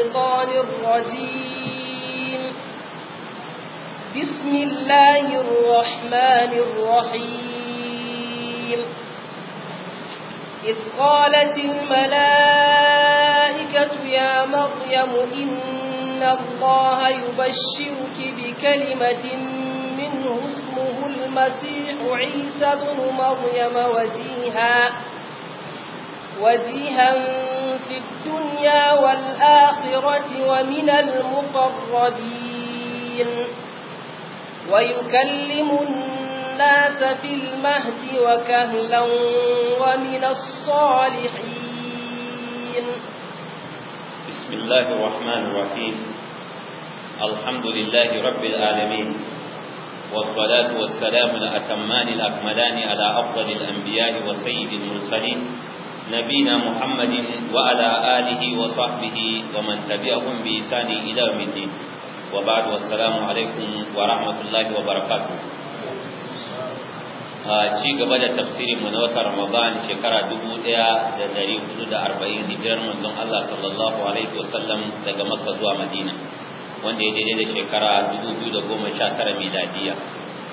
الشيطان الرجيم بسم الله الرحمن الرحيم إذ قالت الملائكة يا مريم إن الله يبشرك بكلمة منه اسمه المسيح عيسى بن مريم وجيها وجيها في الدنيا والآخرة ومن المقربين ويكلم الناس في المهد وكهلا ومن الصالحين بسم الله الرحمن الرحيم الحمد لله رب العالمين والصلاة والسلام الأتمان الأكملان على أفضل الأنبياء وسيد المرسلين نبينا محمد وعلى آله وصحبه ومن تبعهم بإحسان إلى يوم الدين وبعد والسلام عليكم ورحمة الله وبركاته ci gaba da tafsirin mu na watan Ramadan shekara 1440 hijirar manzon Allah sallallahu alaihi wasallam daga Makka zuwa Madina wanda ya daidai da shekara 2019 miladiya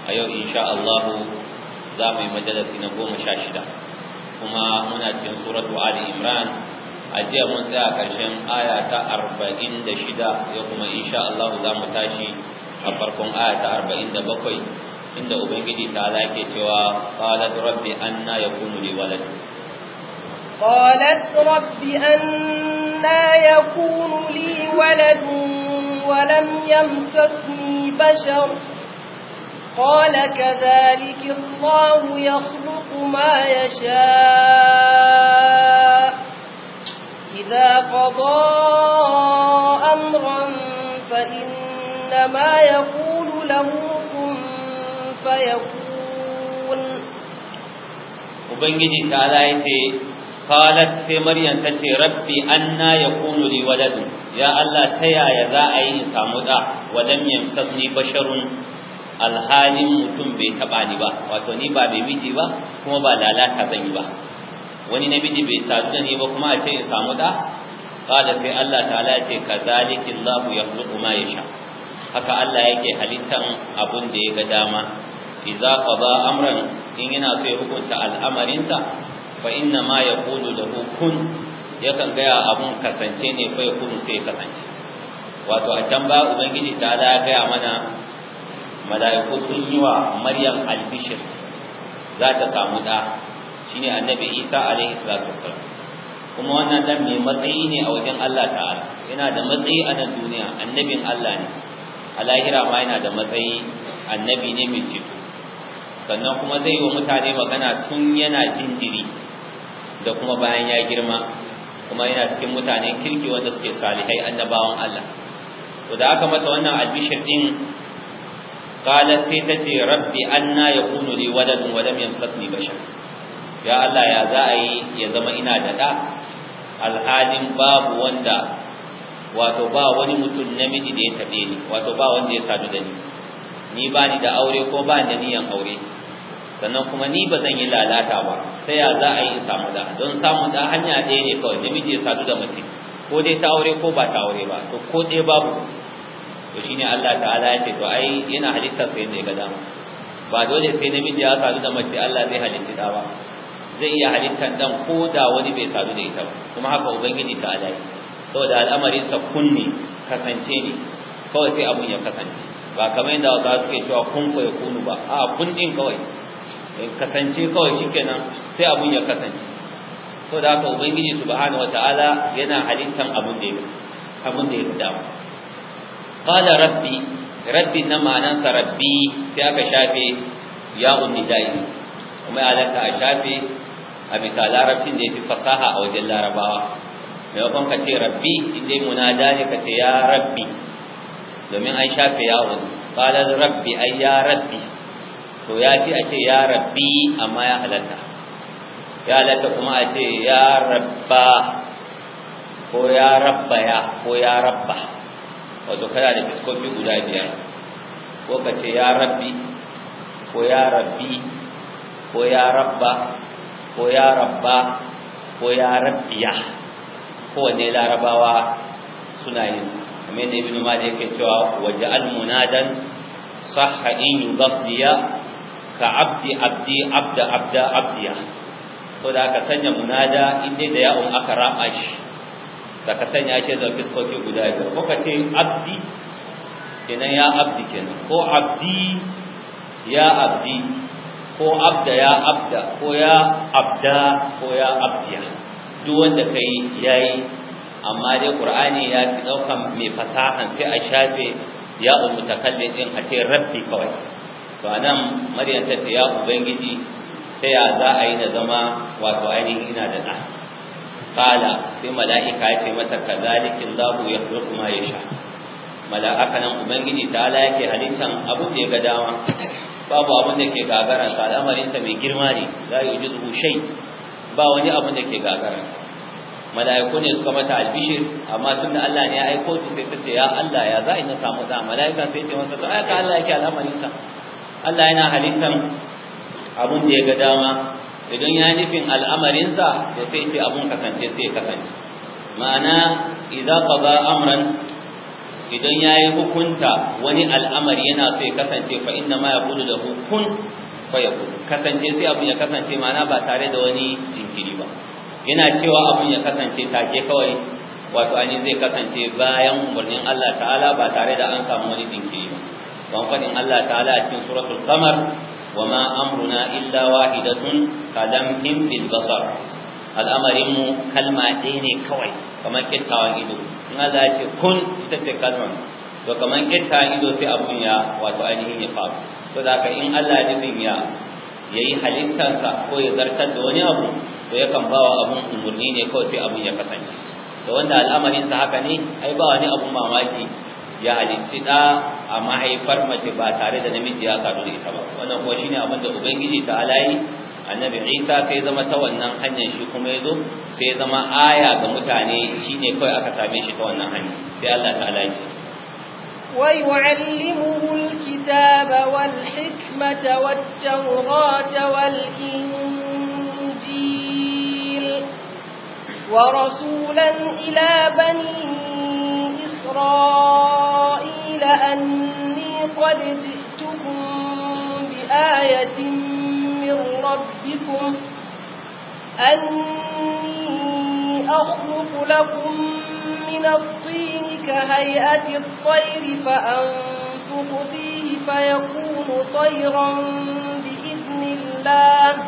a yau insha Allah za mu yi majalisi na 16 kuma muna cikin suratu ali imran a jiya mun tsaya karshen aya ta 46 yau kuma insha Allah za mu tashi a farkon aya ta 47 inda ubangiji ta yake cewa qalat rabbi anna yakunu li walad qalat rabbi anna yakunu li walad ولم يمسسني بشر قال كذلك الله يخلق ما يشاء إذا قضى أمرا فإنما يقول له كن فيكون وبنجي تعالى ايتي قالت سي مريم تتي ربي أنا يقول لي ولد يا الله تيا يا ذا أين سامدا ولم يمسسني بشر alhalin mutum bai taba ni ba wato ni ba bai miji ba kuma ba lalata zan yi ba wani namiji bai sadu da ni ba kuma a ce in samu da kada sai Allah ta'ala ya ce kadhalika Allah yakhluqu ma yasha haka Allah yake halittan abun da ya ga dama idza qada amran in yana so ya hukunta ta? fa inna ma yaqulu lahu kun yakan ga abun kasance ne fa yakunu sai kasance wato a can ba ubangiji ta ya gaya mana mala'iku sun yi wa maryam albishir za ta samu da shine annabi isa alaihi salatu wassalam kuma wannan dan mai matsayi ne a wajen Allah ta'ala yana da matsayi a nan duniya annabin Allah ne a lahira ma yana da matsayi annabi ne mai ceto sannan kuma zai yi wa mutane magana tun yana jinjiri da kuma bayan ya girma kuma yana cikin mutanen kirki wanda suke salihai annabawan Allah to da aka mata wannan albishir din qalat sai tace rabbi anna yakunu li waladun wa lam yamsatni bashar ya Allah ya za a yi ya zama ina da da alhalin babu wanda wato ba wani mutum namiji da ya taɓe ni wato ba wanda ya sadu da ni ni ba ni da aure ko ba ni da niyan aure sannan kuma ni ba zan yi lalata ba sai ya za a yi in samu da don samu da hanya ɗaya ne kawai namiji ya sadu da mace ko dai ta aure ko ba ta aure ba to ko ɗaya babu to shine Allah ta'ala ya ce to ai yana halittar sai ne ga dama ba dole sai namiji ya sadu da mace Allah zai halicci da ba zai iya halittar dan ko da wani bai sadu da ita ba kuma haka ubangiji ta alai yi saboda al'amarin sa kunni kasance ne kawai sai abun ya kasance ba kamar yadda wasu suke cewa kun ko ya kunu ba a kun din kawai kasance kawai shikenan sai abun ya kasance saboda haka ubangiji subhanahu wataala yana halittar abun da ya abun da ya dama qala rabbi rabbi na ma'anansa rabbi sai aka shafe ya unidai kuma ya halatta a shafe a bisa larabcin da yafi fasaha a wajen larabawa maimakon ka ce rabbi inda munada ne ka ce ya rabbi domin an shafe yawon qala rabbi ay ya rabbi to ya fi a ce ya rabbi amma ya halatta ya halatta kuma a ce ya rabba ko ya rabba ko ya rabba wato kana da fiskofi guda biyar ko ka ce ya rabbi ko ya rabbi ko ya rabba ko ya rabba ko ya rabbiya wanne larabawa suna yin su kamar yadda ibn da yake cewa waje almunadan sahha in yubdiya ka abdi abdi abda abda abdiya to da aka sanya munada inda da ya'un aka raba shi da ka sanya shi da fiskoki guda biyar ko ka ce abdi kenan ya abdi kenan ko abdi ya abdi ko abda ya abda ko ya abda ko ya abdiya duk wanda ka yi ya yi. amma dai qur'ani ya fi daukan mai fasahan sai a shafe ya umutakallim din a ce rabbi kawai to anan maryam ta ce ya ubangiji ta ya za a yi na zama wato ainihin ina da ɗa qala sai mala'ika ya ce mata kadhalika ya yakhluqu ma yasha malaka nan ubangiji ta ala yake halittan abin da ya ga dama babu abin da ke gagaran sa al'amarin sa mai girma ne la yujizu shay ba wani abin da ke gagaran sa mala'iku ne suka mata albishir amma tun da Allah ne ya aiko su sai ta ce ya Allah ya za ina samu da mala'ika sai ta wanda to ai ka Allah yake al'amarin sa Allah yana halittan abin da ya ga dama idan ya nufin al'amarinsa to sai ce abun kasance sai kasance ma'ana idza qada amran idan yayi hukunta wani al'amari yana so ya kasance fa inna ma yaqulu da hukun fa yaqulu kasance sai abun ya kasance ma'ana ba tare da wani jinkiri ba yana cewa abun ya kasance take kawai wato ani zai kasance bayan umarnin Allah ta'ala ba tare da an samu wani jinkiri ba don fadin Allah ta'ala a cikin suratul wa ma amruna illa wahidatun kalamhin bil basar al'amarin mu kalma ɗaya ne kawai kamar kittawan ido in Allah ya ce kun ita ce kalmar to kamar kittawan ido sai abun ya wato ainihin ya faru so da haka in Allah ya nufin ya yayi halittansa ko ya zartar da wani abu to yakan wa abun umurni ne kawai sai abun ya kasance to wanda al'amarin sa haka ne ai ba wani abun mamaki ya halicci da a mahaifar mace ba tare da namiji ya sadu da ita ba wannan kuma shine abin da ubangiji ta alayi annabi Isa sai zama ta wannan hanyar shi kuma yazo sai zama aya ga mutane shine kai aka same shi ta wannan hanya sai Allah ta alayi ويعلمه الكتاب والحكمة والتوراة والإنجيل ورسولا إلى بني إسرائيل أني قد جئتكم بآية من ربكم أني أخلق لكم من الطين كهيئة الطير فأنفق فيه فيكون طيرا بإذن الله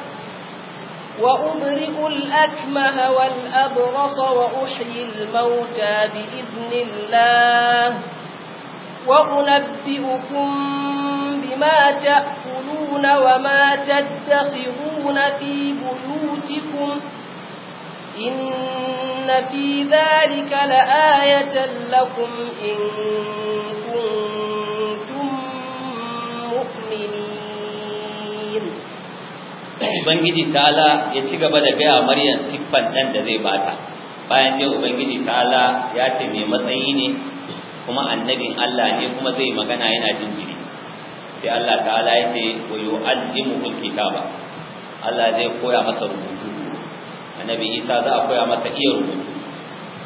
وأبرئ الأكمه والأبرص وأحيي الموتى بإذن الله وأنبئكم بما تأكلون وما تدخرون في بيوتكم إن في ذلك لآية لكم إن ubangiji ta'ala ya ci gaba da gaya maryam siffan ɗan da zai bata bayan yau ubangiji ta'ala ya ce mai matsayi ne kuma annabin Allah ne kuma zai magana yana jin jiri sai Allah ta'ala ya ce wa yu'allimuhu kitaba Allah zai koya masa rubutu annabi Isa za a koya masa iya rubutu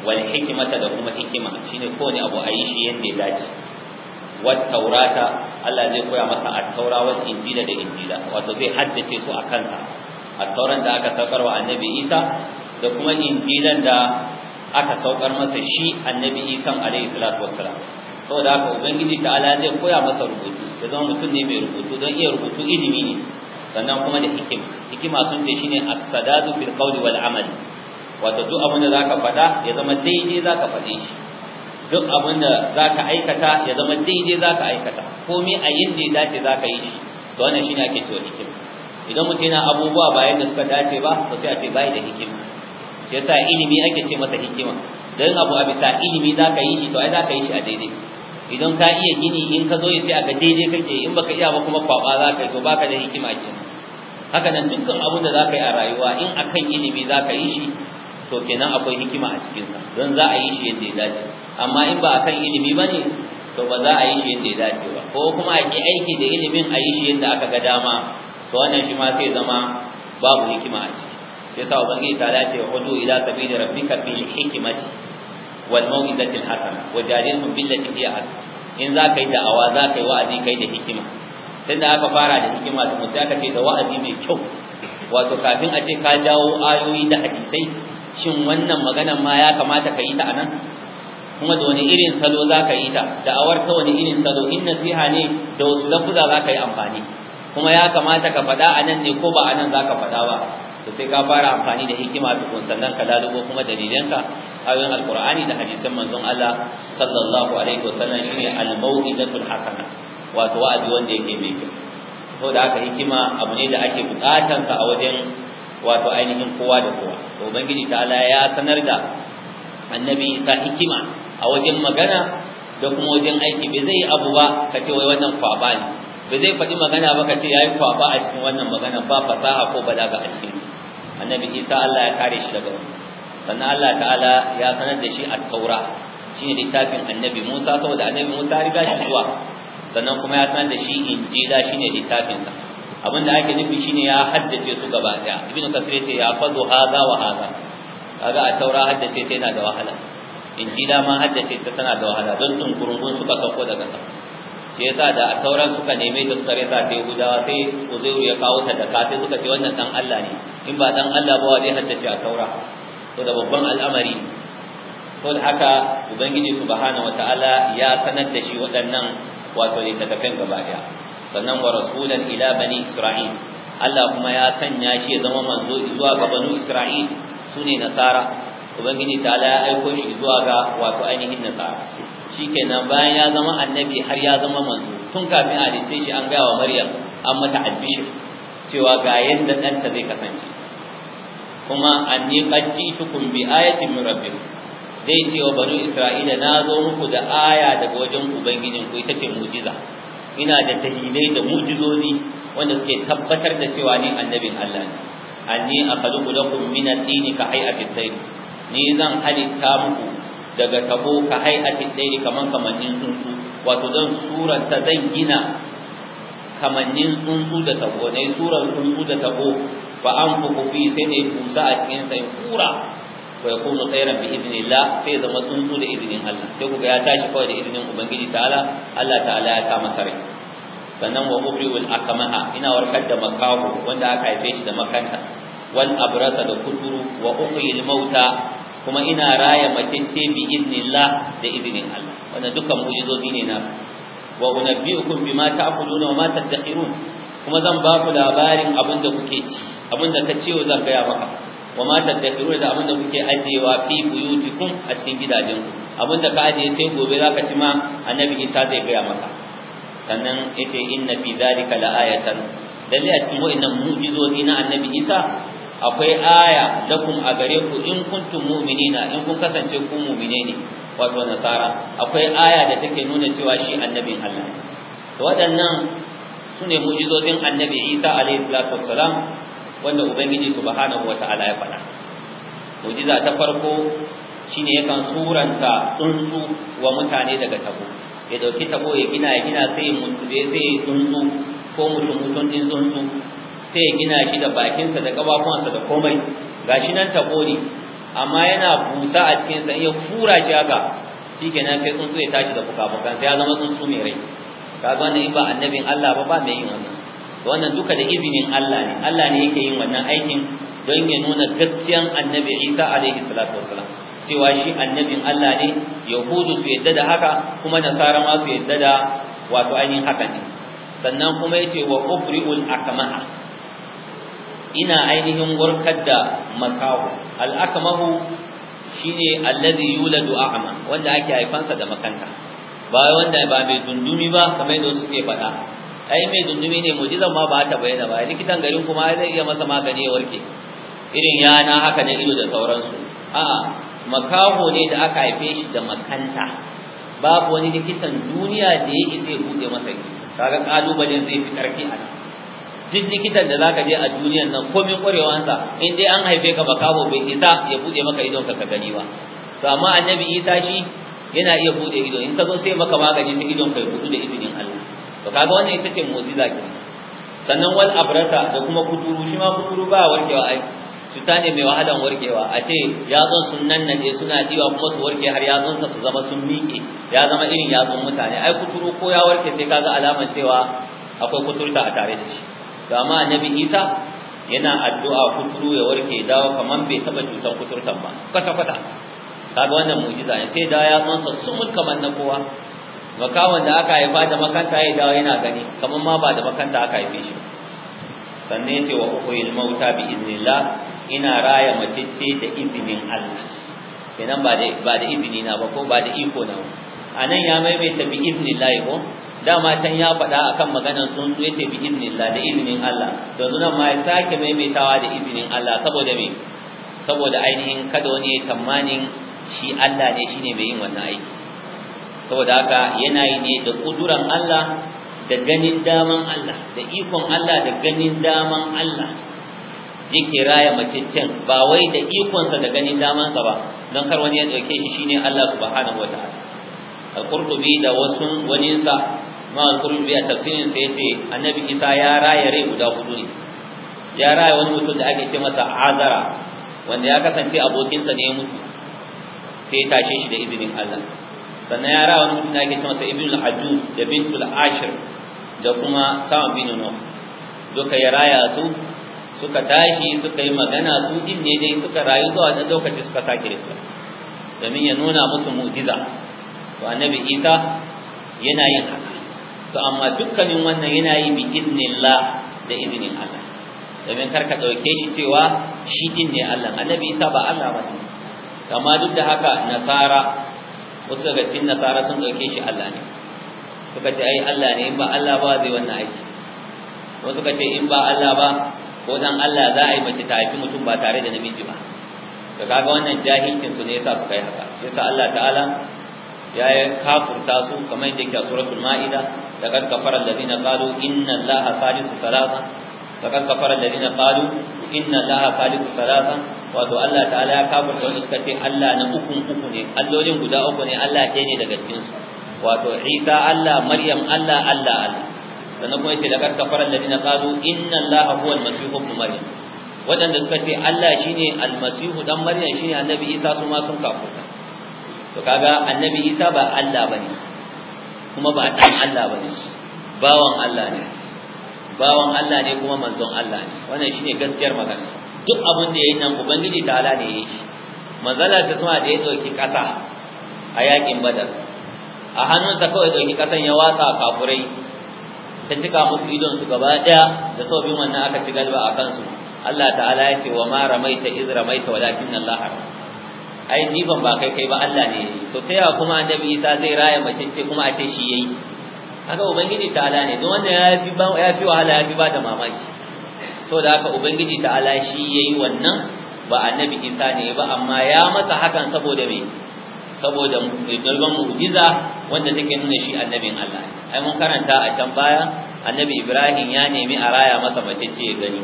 wal hikimata da kuma hikima shine kowane abu a yi shi yanda ya dace wat taurata Allah zai koya masa at-taura wal injila da injila wato zai haddace su a kansa at-tauran da aka saukar wa annabi Isa da kuma injilan da aka saukar masa shi annabi Isa alaihi salatu wassalam saboda haka ubangiji ala zai koya masa rubutu ya zama mutum ne mai rubutu don iya rubutu ilimi ne sannan kuma da hikima hikima sun ce shine as-sadadu fil qawli wal amali wato duk abin da zaka faɗa ya zama daidai zaka faɗe shi duk abin da za ka aikata ya zama daidai za ka aikata komai a yin da ya dace za ka yi shi to wannan shi ne ake cewa hikima idan mutum yana abubuwa ba yadda suka dace ba to sai a ce bai da hikima shi yasa ilimi ake ce masa hikima don abu a bisa ilimi za ka yi shi to ai za ka yi shi a daidai idan ka iya gini in ka zo sai a ga daidai kake in baka iya ba kuma kwaba za ka yi to baka da hikima kenan haka nan dukkan abin da za ka yi a rayuwa in akan ilimi za ka yi shi to kenan akwai hikima a cikin sa don za a yi shi yadda ya dace amma in ba akan ilimi bane to ba za a yi shi yadda ya dace ba ko kuma a ki aiki da ilimin a yi shi yadda aka ga dama to wannan shi ma sai zama babu hikima a ciki sai sa ubangi ta dace wa hudu ila sabili rabbika bil hikmati wal mau'izati al hasana wajadilhum billati hiya ahsan in za ka yi da'awa za ka yi wa'azi kai da hikima da aka fara da hikima to sai aka ce da wa'azi mai kyau wato kafin a ce ka jawo ayoyi da hadisai shin wannan maganan ma ya kamata ka yi ta anan kuma da wani irin salo za ka yi ta da'awar ta wani irin salo in nasiha ne da wasu lafuza za ka yi amfani kuma ya kamata ka faɗa anan ne ko ba a nan za ka faɗa ba to sai ka fara amfani da hikima tukun sannan ka lalubo kuma dalilanka ayoyin alkur'ani da hadisan manzon Allah sallallahu alaihi wasallam shine al-mau'izatul hasana wato wa'azi wanda yake mai kyau saboda haka hikima abu ne da ake ka a wajen wato ainihin kowa da kowa to ubangiji ta'ala ya sanar da annabi isa hikima a wajen magana da kuma wajen aiki bai zai abu ba ka ce wai wannan kwaba ne bai zai faɗi magana ba ka ce yayi kwaba a cikin wannan magana ba fasaha ko balaga a cikin annabi isa Allah ya kare shi daga wannan sannan Allah ta'ala ya sanar da shi a taura shine littafin annabi Musa saboda annabi Musa ya riga shi zuwa sannan kuma ya sanar da shi injila shine littafin sa abinda ake nufi shine ya haddace su gaba daya ibnu kasir yace ya fadu hada wa hada kaga a taura haddace ta yana da wahala da ma haddace ta tana da wahala don su ka sauko daga sa sai yasa da a tauran suka neme ta suka rasa ta yahudawa sai uzairu ya kawo ta da kafin suka ce wannan dan Allah ne in ba dan Allah ba wajen haddace a taura to da babban al'amari saboda haka ubangiji subhanahu wataala ya sanar da shi waɗannan wato littattafan gaba daya sannan wa rasulan ila bani isra'il Allah kuma ya sanya shi ya zama manzo zuwa ga banu isra'il sune nasara ubangiji ta ya aiko shi zuwa ga wato ainihin nasara shikenan bayan ya zama annabi har ya zama manzo tun kafin a dace shi an wa maryam an mata albishir cewa ga yanda ɗanta zai kasance kuma anni qad ji'tukum bi ayatin min rabbikum dai cewa banu isra'ila na zo muku da aya daga wajen ku ita ce mu'jiza ina da tahilai da mu'jizozi wanda suke tabbatar da cewa ni annabin Allah ne anni akhluqu lakum min at-tini ka hay'ati at-tayr ni zan halitta muku daga tabo ka hay'ati at-tayr kaman kamannin tsuntsu wato zan suranta zan gina kamannin tsuntsu da tabo ne surar tsuntsu da tabo fa an fuku fi sai ne tusa a cikin sai fura wa yakunu khairan bi idnillah sai zama tsuntsu da izinin Allah sai kuga ya tashi kawai da izinin ubangiji ta'ala Allah ta'ala ya sa masa rai sannan wa ubriul akamaha ina warkar da makahu wanda aka haife shi da makanta wal abrasa da kuturu wa uhyil mauta kuma ina raya macece bi Allah da izinin Allah wannan dukkan mu'jizozi ne na wa unabbiukum bima ta'kuluna wa ma tadakhirun kuma zan ba ku labarin abin da kuke ci abin da ka wa zan gaya maka wa ma tadakkiru da abin da kuke ajiyewa fi buyutikum a cikin ku. abin da ka ajiye sai gobe zaka ci ma annabi Isa zai gaya maka sannan yace inna fi zalika laayatan lalle a cikin wa'annan mu'jizozi na annabi Isa akwai aya lakum a gare ku in kuntum mu'minina in kun kasance ku mu'mine ne wato nasara akwai aya da take nuna cewa shi annabin Allah waɗannan ne mu'jizozin annabi Isa alaihi salatu wassalam wanda ubangiji subhanahu wata'ala ya faɗa mu'jiza ta farko shine yakan suranta tsuntsu wa mutane daga tabo ya dauki tabo ya gina ya gina sai mutu da sai tsuntsu ko mutum mutum din tsuntsu sai ya gina shi da bakinsa da kafafuwansa da komai gashi nan tabo ne amma yana busa a cikin sa ya fura shi haka shikenan sai tsuntsu ya tashi da fuka-fukan sai ya zama tsuntsu mai rai kaga wannan in ba annabin Allah ba ba mai yin wannan wannan duka da izinin Allah ne Allah ne yake yin wannan aikin don ya nuna gaskiyan annabi Isa alaihi salatu wassalam cewa shi annabin Allah ne yahudu su yadda da haka kuma nasara ma su yadda da wato ainihin haka ne sannan kuma yace wa ubri'ul akmaha ina ainihin warkar da makaho al akmahu shine allazi yuladu a'ma wanda ake haifansa da makanta ba wanda ba mai dundumi ba kamar yadda suke faɗa ai mai dundumi ne mujiza ma ba ta bayyana ba likitan garin kuma zai iya masa magani ya warke irin yana haka na ido da sauransu a'a makaho ne da aka haife shi da makanta babu wani likitan duniya da ya isa ya buɗe masa kaga kalubalen zai fi karfi a nan duk likitan da zaka je a duniyan nan komai ƙwarewansa, in dai an haife ka makaho bai isa ya buɗe maka idon ka ka gani ba to amma annabi Isa shi yana iya bude ido in ka zo sai maka magani sai idon kai budu da izinin Allah to kaga wannan ita ce mu'jiza ke sannan wal abrata da kuma kuturu shi ma kuturu ba warkewa ai cuta ne mai wahalan warkewa a ce yatsun sun nan ne suna diwa kuma su warke har sa su zama sun miƙe ya zama irin yatsun mutane ai kuturu ko ya warke sai kaga alamar cewa akwai kuturta a tare da shi to amma annabi Isa yana addu'a kuturu ya warke dawo kamar bai taba cutar kuturtan ba kwata kwata kaga wannan mu'jiza ne sai da ya tsansa sumul kamar na kowa makawan da aka haifa da makanta ya dawo yana gani kamar ma ba da makanta aka haife shi sannan ce wa ukhil mauta bi iznillah ina raya matacce da izinin Allah kenan ba da ba da izini na ba ko ba da iko na ba anan ya maimaita bi iznillah ko dama can ya faɗa akan maganar tsuntsu yace bi iznillah da izinin Allah yanzu nan ma ya sake maimaitawa da izinin Allah saboda me saboda ainihin kada wani ya tamanin shi Allah ne shine mai yin wannan aiki saboda haka yana yi ne da kuduran Allah da ganin daman Allah da ikon Allah da ganin daman Allah yake raya maciccen ba wai da ikonsa da ganin damansa ba don kar wani ya dauke shi shine Allah subhanahu wataala al-qurtubi da wasu waninsa ma al-qurtubi a tafsirin sa yace annabi isa ya raya rai guda hudu ne ya raya wani mutum da ake ce masa azara wanda ya kasance abokinsa ne ya mutu sai ya tashe shi da izinin Allah sannan ya rawa mutum da ake masa ibn al-hajjud da bintul ashir da kuma sa'ad bin nuh duka ya raya su suka tashi suka yi magana su din ne dai suka rayu zuwa da lokaci suka sake risa domin ya nuna musu mu'jiza to annabi isa yana yin haka to amma dukkanin wannan yana yi bi idnillah da idnin Allah domin karka dauke shi cewa shi din ne Allah annabi isa ba Allah ba ne Kama duk da haka nasara wasu daga cikin nasara sun ɗauke shi Allah ne suka ce ai Allah ne in ba Allah ba zai wannan aiki wasu suka ce in ba Allah ba ko dan Allah za a yi mace ta haifi mutum ba tare da namiji ba to kaga wannan jahilcin su ne yasa suka yi haka shi yasa Allah ta'ala ya yi kafurta su kamar yadda yake a suratul ma'ida da kad kafara alladhina qalu inna allaha thalithu thalatha laqad kafara alladhina qalu inna allaha khaliqu salasa wato Allah ta'ala ya kafirta wanda suka ce Allah na ukun uku ne allolin guda uku ne Allah ɗaya ne daga cikin wato Isa Allah Maryam Allah Allah Allah sannan kuma yace laqad kafara alladhina qalu inna allaha huwa al-masih ibn maryam wadanda suka ce Allah shine al-masih dan maryam shine annabi Isa su ma sun kafirta to kaga annabi Isa ba Allah kuma ba Allah bawan Allah ne bawan Allah ne kuma manzon Allah ne wannan shine gaskiyar magana duk abin da yayin nan ubangiji ta'ala ne yi shi manzala ta suma da ya dauki kasa a yakin badar a hannunsa kawai ki kasan ya wasa kafurai ta cika musu idon su gaba daya da sau biyun wannan aka ci galba a kansu Allah ta'ala ya ce wa ma ramaita iz ramaita walakin Allah ai ni ban ba kai kai ba Allah ne so sai ya kuma annabi Isa zai raya mace ce kuma a ce shi yayi haka ubangiji ta'ala ne don wanda ya fi ba ya fi wahala ya fi ba da mamaki saboda haka ubangiji ta'ala shi yayi wannan ba annabi Isa ne ba amma ya masa hakan saboda me saboda dalban mu'jiza wanda take nuna shi annabin Allah ai mun karanta a can baya annabi Ibrahim ya nemi a raya masa mace ce gani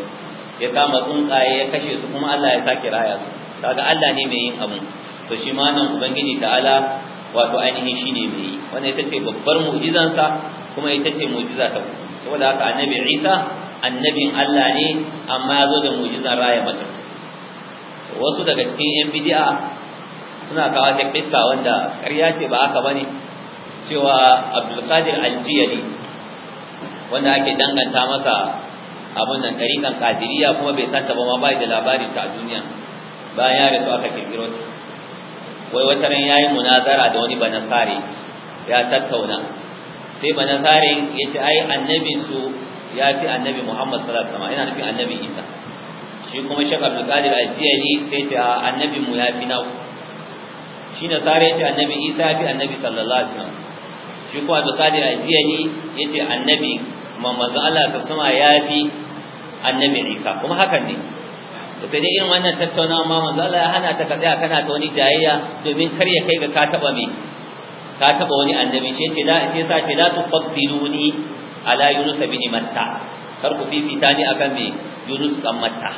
ya kama tsuntsaye ya kashe su kuma Allah ya sake raya su kaga Allah ne mai yin abu to shi ma nan ubangiji ta'ala wato ainihin shine mai yi wannan ita ce babbar mu'jizansa kuma ita ce mu'jiza ta saboda haka annabi Isa annabin Allah ne amma ya zo da mujizan raya mata wasu daga cikin yan bidi'a suna kawo ta kitta wanda ƙarya ce ba haka bane cewa Abdul Qadir Al-Jiyani wanda ake danganta masa abun nan ɗariƙan kuma bai santa ba ma bai da labarin ta a duniya bayan ya rasu aka kirkiro wai wata ran yayi munazara da wani banasari ya tattauna sai banasarin ya ce ai annabi su ya fi annabi Muhammad sallallahu alaihi wasallam yana nufin annabi Isa shi kuma Sheikh Abdul Qadir Al-Jiyani sai ta annabi mu ya fi naku shi nasara ya ce annabi Isa ya fi annabi sallallahu alaihi wasallam shi kuma Abdul Qadir Al-Jiyani ya ce annabi Muhammad Allah sallallahu alaihi wasallam ya fi annabi Isa kuma hakan ne to sai dai irin wannan tattaunawa ma manzo Allah ya hana ta kaza kana ta wani jayayya domin kar ya kai ga ka taba me ka taba wani annabi shi yace da shi yasa ce la tufaddiluni ala yunus bin matta kar ku fifita ni akan me yunus kan matta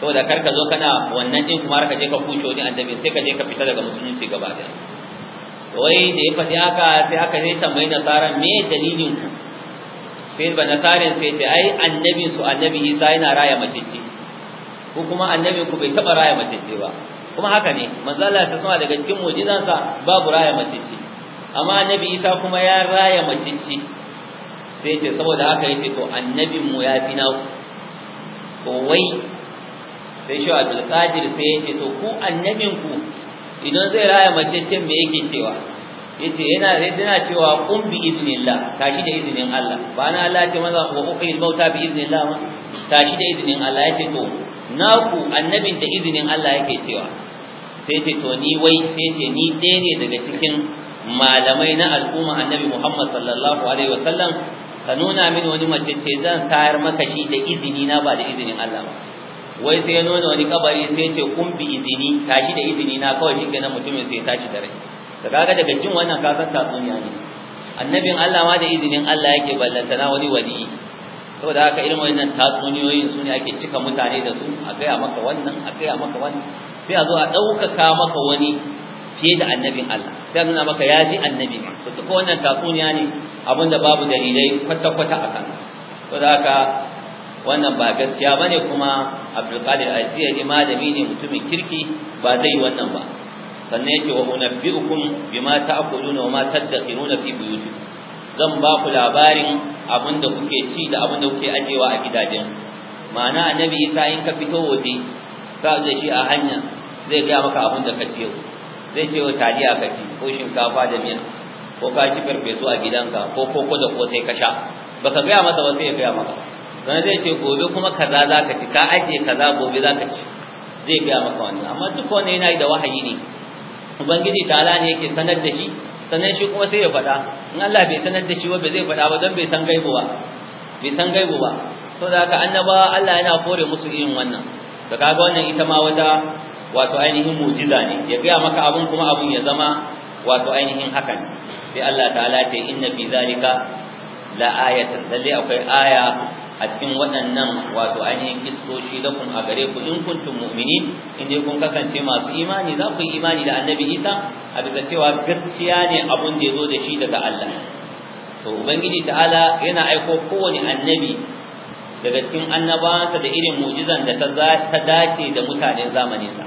saboda kar ka zo kana wannan din kuma ka je ka kuce wani annabi sai ka je ka fita daga musulunci gaba daya wai da ya faɗi haka sai aka zai tambayi nasara me dalilin ku sai ba nasarin sai ta ai annabi su annabi isa yana raya mace ko kuma annabin ku bai taba raya matacce ba kuma haka ne manzala ta sama daga cikin mu'jizansa babu raya matacce amma annabi Isa kuma ya raya matacce sai ce saboda haka yace to annabin mu ya fi na ko wai sai shi Abdul Qadir sai yace to ku annabin ku idan zai raya matacce me yake cewa yace yana yana cewa kun bi iznillah tashi da izinin Allah ba na Allah ce maza wa uqil mauta bi iznillah ma tashi da izinin Allah yace to naku annabin da izinin Allah yake cewa sai ce to ni wai sai ce ni ɗaya ne daga cikin malamai na al'umma annabi Muhammad sallallahu alaihi wa sallam ka nuna mini wani mace ce zan tayar maka shi da izini na ba da izinin Allah ba wai sai ya nuna wani kabari sai ce kun bi izini tashi da izini na kawai shi kenan mutumin sai tashi da rai da kaga daga jin wannan ka san ne annabin Allah ma da izinin Allah yake ballantana wani wali saboda haka irin wannan tatsuniyoyin su ne ake cika mutane da su a gaya maka wannan a gaya maka wannan sai a zo a ɗaukaka maka wani fiye da annabin Allah sai a nuna maka ya ji annabi ne. to duka wannan tatsuniya ne da babu dalilai kwata-kwata a kan saboda haka wannan ba gaskiya ne kuma Abdulkadir Ajiya ne malami ne mutumin kirki ba zai wannan ba sannan yake wa unabbiukum bima ta'kuluna wa ma tadakhiruna fi buyutikum zan ba ku labarin abin da kuke ci da abin da kuke ajewa a gidajen ma'ana annabi isa in ka fito waje ka da shi a hanya zai gaya maka abin da ka ci yau zai ce wa taliya ka ci ko shinkafa da miya ko ka ci farfesu a gidanka ko koko da kosai ka sha baka gaya masa ba sai ya gaya maka sannan zai ce gobe kuma kaza za ka ci ka aje kaza gobe za ka ci zai gaya maka wannan amma duk wani yana yi da wahayi ne ubangiji ta'ala ne yake sanar da shi sannan shi kuma sai ya faɗa in Allah bai sanar da shi ba bai zai faɗa ba don bai san gaibu ba bai san gaibu ba to da haka annaba Allah yana kore musu irin wannan da kaga wannan ita ma wata wato ainihin mu'jiza ne ya ga maka abun kuma abun ya zama wato ainihin haka ne sai Allah ta'ala ta yi inna fi zalika la ayatan lalle akwai aya a cikin waɗannan wato ainihin kistoci da kun a gare ku in kuntum mumini in dai kun kasance masu imani za ku yi imani da annabi isa a bisa cewa gaskiya ne abun da ya zo da shi daga allah to ubangiji ta'ala yana aiko kowane annabi daga cikin annabawansa da irin mu'jizan da ta dace da mutanen zamaninsa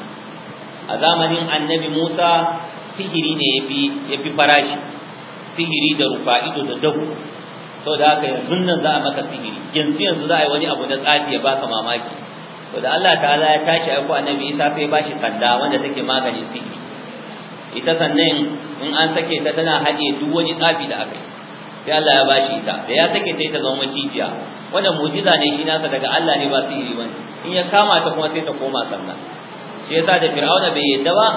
a zamanin annabi musa sihiri ne ya fi farashi sihiri da rufa'ido da dahu to da haka yanzu nan za a maka sihiri yanzu yanzu za a yi wani abu na tsafi ya baka mamaki to da Allah ta'ala ya tashi aiko annabi Isa fa ya bashi sanda wanda take maganin sihiri ita sannan in an sake ta tana haɗiye duk wani tsafi da aka sai Allah ya bashi ita da ya sake ta ita zama macijiya wannan mu'jiza ne shi nasa daga Allah ne ba sihiri wani in ya kama ta kuma sai ta koma sanda shi yasa da Fir'auna bai yadda ba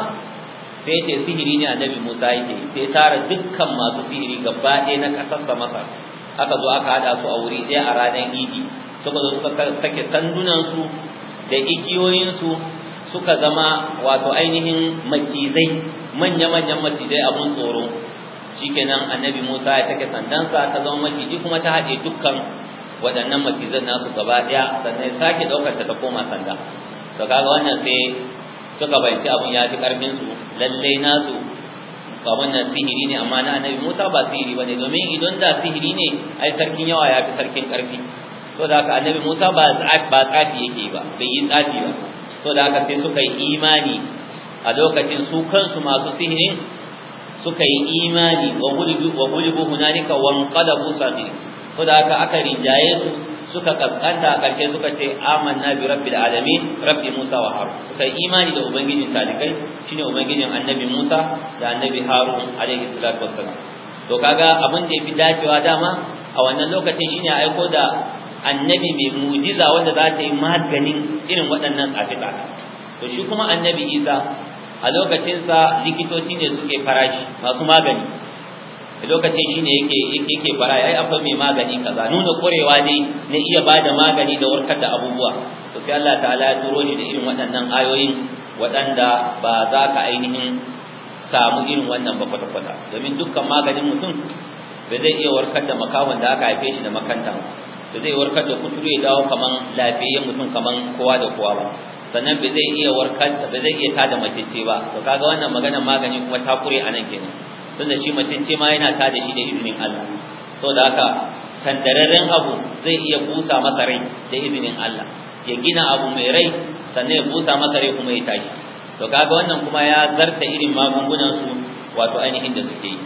sai ce sihiri ne annabi Musa yake sai tara dukkan masu sihiri gaba ɗaya na ƙasar Masar aka zo aka hada su a wuri ɗaya a ranar idi suka zo suka sake sandunansu da igiyoyinsu suka zama wato ainihin macizai manya-manyan macizai abun tsoro shikenan annabi musa ya take sandansa ta zama maciji kuma ta haɗe dukkan waɗannan macizan nasu gaba ɗaya sannan ya sake ɗaukar ta koma sanda to kaga wannan sai suka bayanci abun ya fi ƙarfinsu, lallai nasu ba wannan sihiri ne amma na annabi Musa ba sihiri bane domin idan da sihiri ne ai sarkin yawa ya fi sarkin karfi to da haka annabi Musa ba ba tsafi yake ba bai yi tsafi ba to da haka sai suka yi imani a lokacin su kansu masu sihirin suka yi imani wa gulibu wa gulibu hunalika wa anqalabu sabir ko da aka rinjaye su suka kaskanta a ƙarshe suka ce amanna bi rabbil alamin rabbi musa wa harun suka yi imani da ubangijin talikai shine ubangijin annabi musa da annabi harun alaihi salatu wassalam to kaga abin da yafi dacewa dama a wannan lokacin shine aiko da annabi mai mujiza wanda za ta yi maganin irin waɗannan tsafi to shi kuma annabi isa a lokacin sa likitoci ne suke farashi masu magani a lokacin shi ne yake yake farashi ai akwai mai magani kaza nuna ƙwarewa ne na iya bada magani da warkar da abubuwa to sai Allah ta'ala ya turo shi da irin waɗannan ayoyin waɗanda ba za ka ainihin samu irin wannan ba kwata-kwata domin dukkan maganin mutum ba zai iya warkar da makawan da aka haife shi da makanta ba zai warkar da kuturu ya dawo kaman lafiyayyen mutum kaman kowa da kowa ba sannan ba zai iya warkar ba zai iya tada macece ba to kaga wannan maganar magani kuma ta kure a nan kenan tunda shi macece ma yana tada shi da izinin Allah da haka sandararren abu zai iya busa masa rai da izinin Allah ya gina abu mai rai sannan ya busa masa rai kuma ya tashi to kaga wannan kuma ya zarta irin magungunan su wato ainihin da suke yi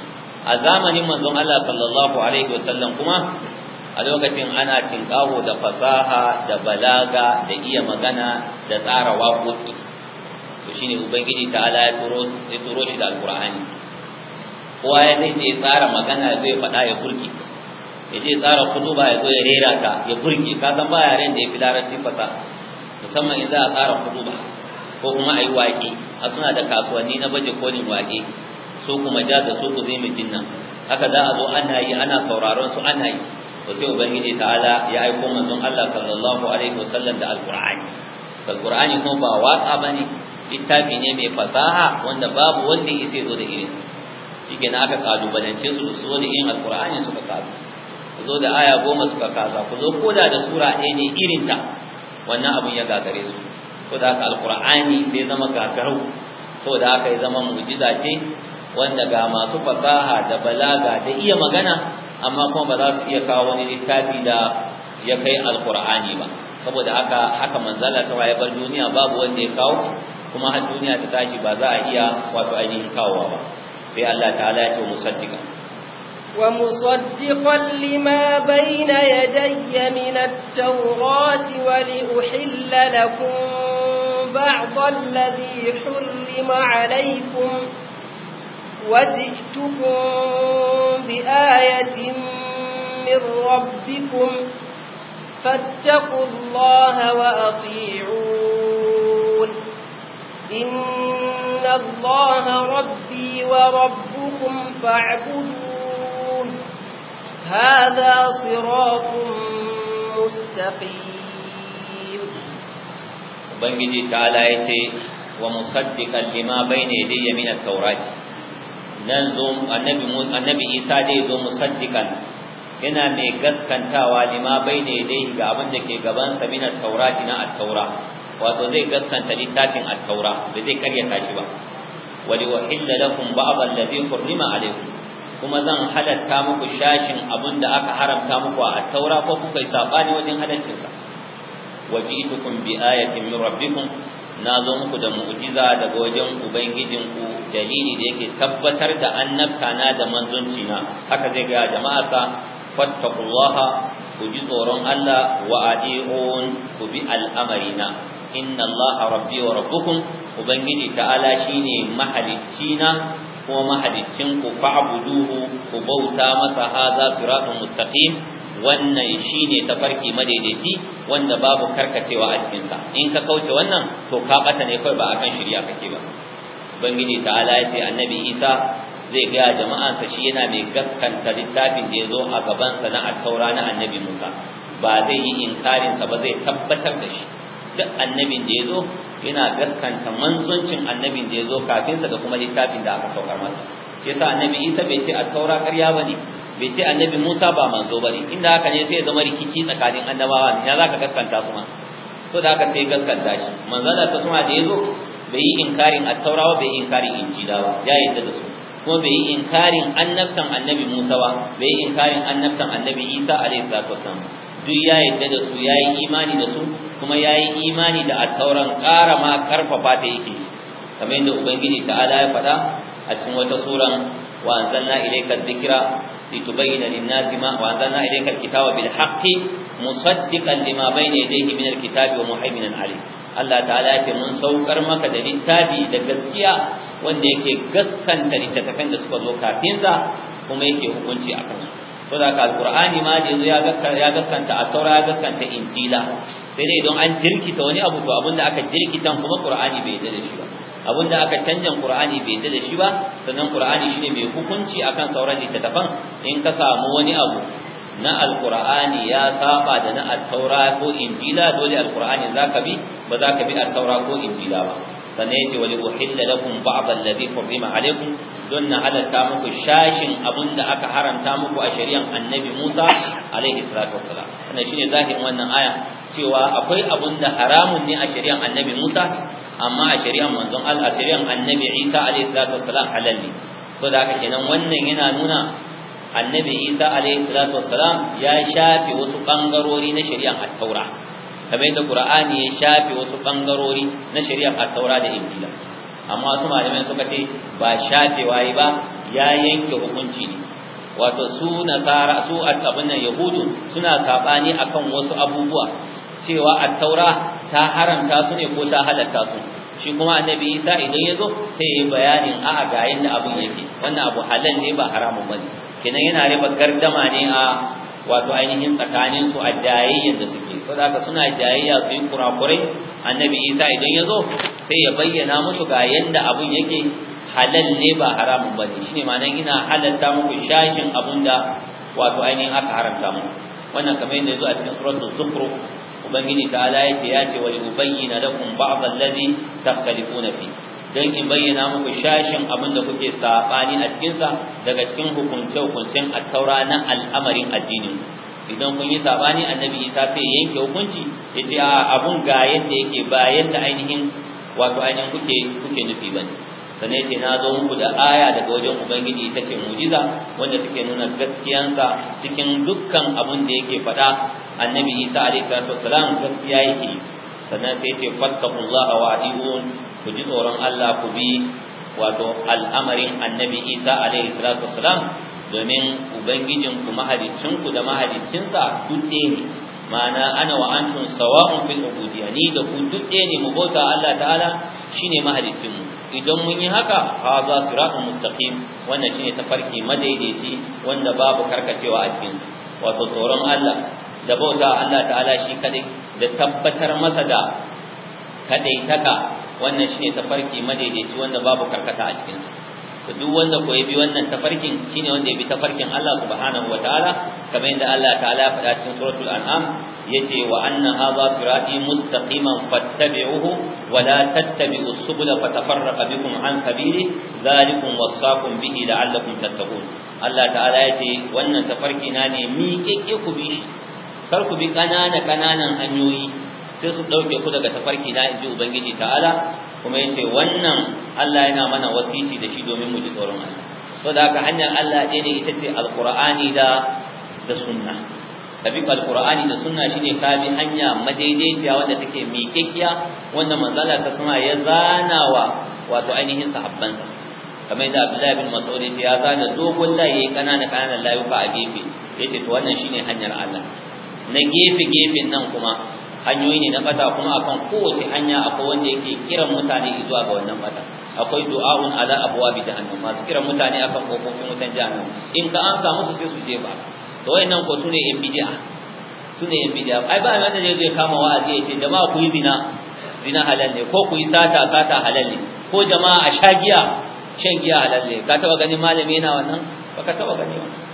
a zamanin manzon Allah sallallahu alaihi wasallam kuma a lokacin ana tinkaho da fasaha da balaga da iya magana da tsara waƙoƙi to shine ubangiji ta ala ya turo shi da alƙur'ani kowa ya zai je tsara magana ya zo ya faɗa ya burge ya je tsara kutuba ya zo ya rera ta ya burge ka san ba yaren da ya fi larabci fasaha musamman in za a tsara kutuba ko kuma a yi waƙe a suna da kasuwanni na baje kolin waƙe so kuma ja da so ku zai mutum nan haka za a zo ana yi ana sauraron su ana yi sai ubangiji ta'ala ya aiko manzon Allah sallallahu alaihi wasallam da alqur'ani alqur'ani kuma ba waka bane littafi ne mai fasaha wanda babu wanda yake zo da irin shi kenan aka kalubalance su su wani irin alqur'ani suka kasu ku zo da aya goma suka kasa ku zo koda da sura ɗaya ne irin ta wannan abun ya gagare su saboda haka alqur'ani sai zama gagarau da aka yi zama mu'jiza ce wanda ga masu fasaha da balaga da iya magana amma kuma ba za su iya kawo wani littafi da ya kai alkur'ani ba saboda haka haka manzala sama ya bar duniya babu wanda ya kawo kuma har duniya ta tashi ba za a iya wato ainihin kawowa ba sai Allah ta'ala ya ce musaddiqa wa musaddiqan lima bayna yadayya min at-taurati wa li uhilla lakum ba'd alladhi hurrima alaykum وجئتكم بآية من ربكم فاتقوا الله وأطيعون إن الله ربي وربكم فاعبدون هذا صراط مستقيم Ubangiji تعالى ومصدقا لما بين يدي من التوراه nan zo annabi annabi Isa dai zo musaddiqan yana mai gaskantawa lima baine dai ga abin da ke gaban sa min at-taurati na at-taura wato zai gaskanta littafin at-taura da zai karyata shi ba li uhilla lakum ba'd alladhi hurrima alaykum kuma zan halatta muku shashin abin da aka haramta muku a at-taura ko kuka yi sabani wajen halaccin sa waji'tukum bi ayatin min rabbikum na zo muku da mu'jiza daga wajen ubangijinku dalili da yake tabbatar da annabta na da manzonci na haka zai ga jama'a ta fattaqullaha ku ji tsoron Allah wa adi'un ku bi al'amarina inna Allah rabbi wa rabbukum ubangiji ta'ala shine mahalicci na kuma mahaliccin ku fa'buduhu ku bauta masa hadha siratun mustaqim wannan shi shine tafarki madaidaici wanda babu karkacewa a cikinsa. in ka kauce wannan to ka bata ne kawai ba akan shirya kake ba ubangiji ala ya ce annabi Isa zai gaya jama'an shi yana mai gaskanta littafin da ya zo a gaban sa na at na annabi Musa ba zai yi inkarin sa ba zai tabbatar da shi duk annabin da ya zo yana gaskanta manzoncin annabin da yazo kafin sa da kuma littafin da aka saukar masa yasa annabi Isa bai ce at-taura ba ne? bai ce annabi Musa ba manzo bane inda haka ne sai ya zama rikici tsakanin annabawa ne za ka gaskanta su ma so da haka sai gaskanta shi manzo da sa kuma da yazo bai yi inkarin at taurawa. bai yi inkarin injila ba ya yi da su kuma bai yi inkarin annabtan annabi Musa ba bai yi inkarin annabtan annabi Isa alaihi salatu wasallam duk ya yi da su ya yi imani da su kuma ya yi imani da at-tauran ƙara ma karfafa ta yake kamar yadda ubangiji ta'ala ya faɗa a cikin wata suran wa anzalna ilayka dhikra لتبين للناس ما وأنزلنا إليك الكتاب بالحق مصدقا لما بين يديه من الكتاب ومهيمنا عليه Allah ta'ala ya ce mun saukar maka da littafi da gaskiya wanda yake gaskanta littattafan da suka zo kafin sa kuma yake hukunci a su to da alqur'ani ma da yanzu ya gaskan ya gaskanta taura ya gaskanta injila sai dai don an jirkita wani abu to abinda aka jirkita kuma qur'ani bai yadda da shi ba abinda aka canja qur'ani bai yadda da shi ba sannan qur'ani shine mai hukunci akan sauran littattafan in ka samu wani abu na alqur'ani ya saba da na at ko injila dole alqur'ani zaka bi ba zaka bi at ko injila ba sannan yake wali uhilla lakum ba'd alladhi hurrima alaykum don na halatta muku shashin da aka haramta muku a shari'an annabi Musa alaihi salatu wassalam shi ne zahirin wannan aya cewa akwai da haramun ne a shari'an annabi Musa amma a shari'an manzon Allah a shari'an annabi Isa alaihi salatu wassalam halal ne to da haka kenan wannan yana nuna annabi Isa alaihi salatu wassalam ya shafe wasu bangarori na shari'ar at-Taurat kamar yadda qur'ani ya shafe wasu bangarori na shari'ar Attaura taura da injila amma wasu malamai suka ce ba shafewa yi ba ya yanke hukunci ne wato su tsara su abin nan yahudu suna sabani akan wasu abubuwa cewa Attaura ta haramta su ne ko ta halatta su shi kuma annabi Isa idan ya zo sai ya bayanin a'a ga yadda abin yake wannan abu halal ne ba haramun ba kenan yana riba gardama ne a wato ainihin tsakanin su a da suke saboda suna jayayya su yi kurakurai annabi isa idan ya zo sai ya bayyana musu ga yanda abun yake halal ne ba haramun ba ne shine ma'anar ina halalta muku shakin abun da wato ainihin aka haramta mu? wannan kamar yadda ya zo a cikin suratul zukhruf ubangiji ta'ala yake ya ce wa yubayyana lakum ba'd allazi takhtalifuna fi dan in bayyana muku shashin abin da kuke sabani a cikin sa daga cikin hukunce hukuncen at-taura na al'amarin addinin idan mun yi sabani annabi isa sai yanke hukunci ya ce a abun ga yadda yake ba yadda ainihin wato ainihin kuke kuke nufi bane sannan ya ce na zo muku da aya daga wajen ubangiji ita ce mujiza wanda take nuna gaskiyansa cikin dukkan abun da yake faɗa annabi isa alaihi salatu wassalam gaskiya yake sannan sai ya ce fattaqullaha wa adiun ku ji tsoron Allah ku bi wato al'amarin annabi isa alaihi salatu wassalam domin ubangijinku mahalicinku da mahalicinsa duk ɗaya ne ma'ana ana wa antum sawa'un fil ubudiyya ni da ku duk ɗaya ne mu bauta Allah ta'ala shine mahaliccinmu idan mun yi haka su siratun mustaqim wannan shine tafarki madaidaici wanda babu karkacewa a cikin wato tsoron Allah da bauta Allah ta'ala shi kadai da tabbatar masa da kadaitaka wannan shine tafarki madaidaici wanda babu karkata a cikin sa to duk wanda ko bi wannan tafarkin shine wanda ya bi tafarkin Allah subhanahu wataala kamar yadda Allah ta'ala ya faɗa cikin suratul an'am yace wa anna hadha sirati mustaqiman fattabi'uhu wa la tattabi'u subula fatafarraqa bikum an sabili dhalikum wasaqum bihi la'allakum tattaqun Allah ta'ala yace wannan tafarki na ne miƙeƙe ku bi kar ku bi ƙanana ƙananan hanyoyi sai su ɗauke ku daga tafarki na inji ubangiji ta'ala kuma yace wannan Allah yana mana wasiti da shi domin mu ji tsoron Allah to da haka hanyar Allah ɗaya ne ita ce alqur'ani da da sunna tabi alqur'ani da sunna shine ka bi hanya madaidaiciya wanda take miƙeƙiya wanda manzala ta suna ya zanawa wato ainihin sahabbansa kamar da Abdullahi bin Mas'ud ya zana dogon layi kanana kananan layuka a gefe yace to wannan shine hanyar Allah na gefe gefen nan kuma hanyoyi ne na bata kuma akan kowace hanya akwai wanda yake kiran mutane zuwa ga wannan bata akwai du'a'un ala abwabi jahannam masu kiran mutane akan kofofin wutan jahannam in ka amsa musu sai su je ba to wayannan ko sune yan bid'a sune yan bid'a ai ba wanda zai je kama wa'azi ya ce jama'a ku yi bina bina halal ne ko ku yi sata sata halal ne ko jama'a a sha giya shan giya halal ne ka taba ganin malami yana wannan baka taba gani wannan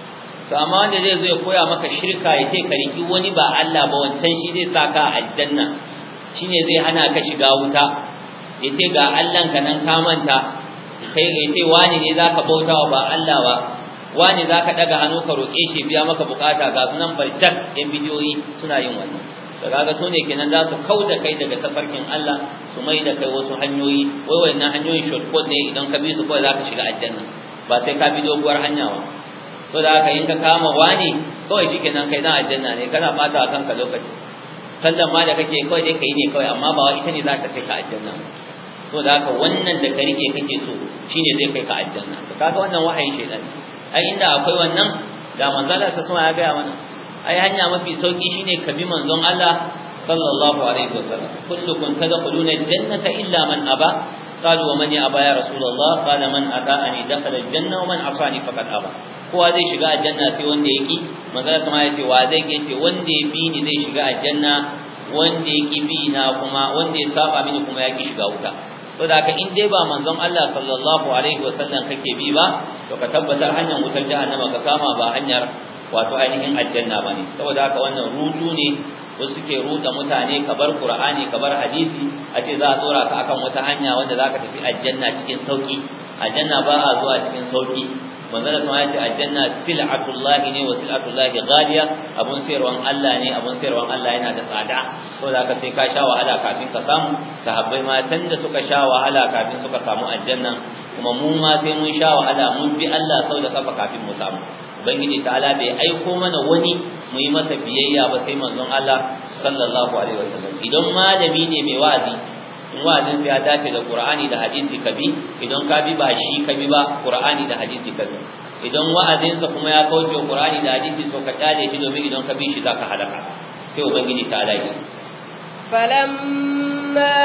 to amma wanda zai zo ya koya maka shirka ya ce ka riki wani ba Allah ba wancan shi zai sa ka aljanna shine zai hana ka shiga wuta ya ce ga Allah ka nan ka manta kai ya ce wani ne zaka bauta wa ba Allah ba wani zaka daga hannu ka roke shi biya maka bukata ga sunan barjan yan bidiyoyi suna yin wannan to kaga so ne kenan za su kauda kai daga tafarkin Allah su mai da kai wasu hanyoyi wai na hanyoyin shortcut ne idan ka bi su kawai zaka shiga aljanna ba sai ka bi doguwar hanya ba so da haka in ka kama wani kawai kenan kai dan aljanna ne kana fata a kanka lokaci sallan ma da kake kawai dai kai ne kawai amma ba ita ne za ta kai ka aljanna so da haka wannan da ka rike kake so shine zai kai ka aljanna to kaga wannan wahayin shedan ai inda akwai wannan da manzala sa suma ya ga mana ai hanya mafi sauki shine ka bi manzon Allah sallallahu alaihi wasallam kullukum tadkhuluna jannata illa man aba قالوا ومن يأبى يا رسول الله قال من أطاعني دخل الجنة ومن عصاني فقد أبى kowa zai shiga aljanna sai wanda yake manzon sama ya ce wa zai ce wanda ya bi ni zai shiga aljanna wanda ya bi na kuma wanda ya saba mini kuma ya ki shiga wuta to da haka in dai ba manzon Allah sallallahu alaihi wasallam kake bi ba to ka tabbatar hanyar wutar jahannama ka kama ba hanyar wato ainihin aljanna bane saboda haka wannan rudu ne wasu ke ruda mutane ka bar qur'ani ka bar hadisi a ce za a tsora ka akan wata hanya wanda zaka tafi aljanna cikin sauki aljanna ba a zuwa cikin sauki manzon sama ya ce aljanna sil'atullahi ne wa sil'atullahi ghaliya abun sayarwan Allah ne abun sayarwan Allah yana da tsada saboda ka sai ka sha wahala kafin ka samu sahabbai ma da suka sha wahala kafin suka samu aljanna kuma mu ma sai mun sha wahala mun bi Allah sau da kafa kafin mu samu ubangiji ta'ala bai aiko mana wani mu yi masa biyayya ba sai manzon Allah sallallahu alaihi wasallam idan malami ne mai wa'azi in wa'azin ya dace da Qur'ani da hadisi kabi idan ka bi ba shi kabi ba Qur'ani da hadisi kabi idan wa'azinsa kuma ya kauce Qur'ani da hadisi so ka kyale shi domin idan ka bi shi zaka halaka sai ubangiji ta'ala yi فلما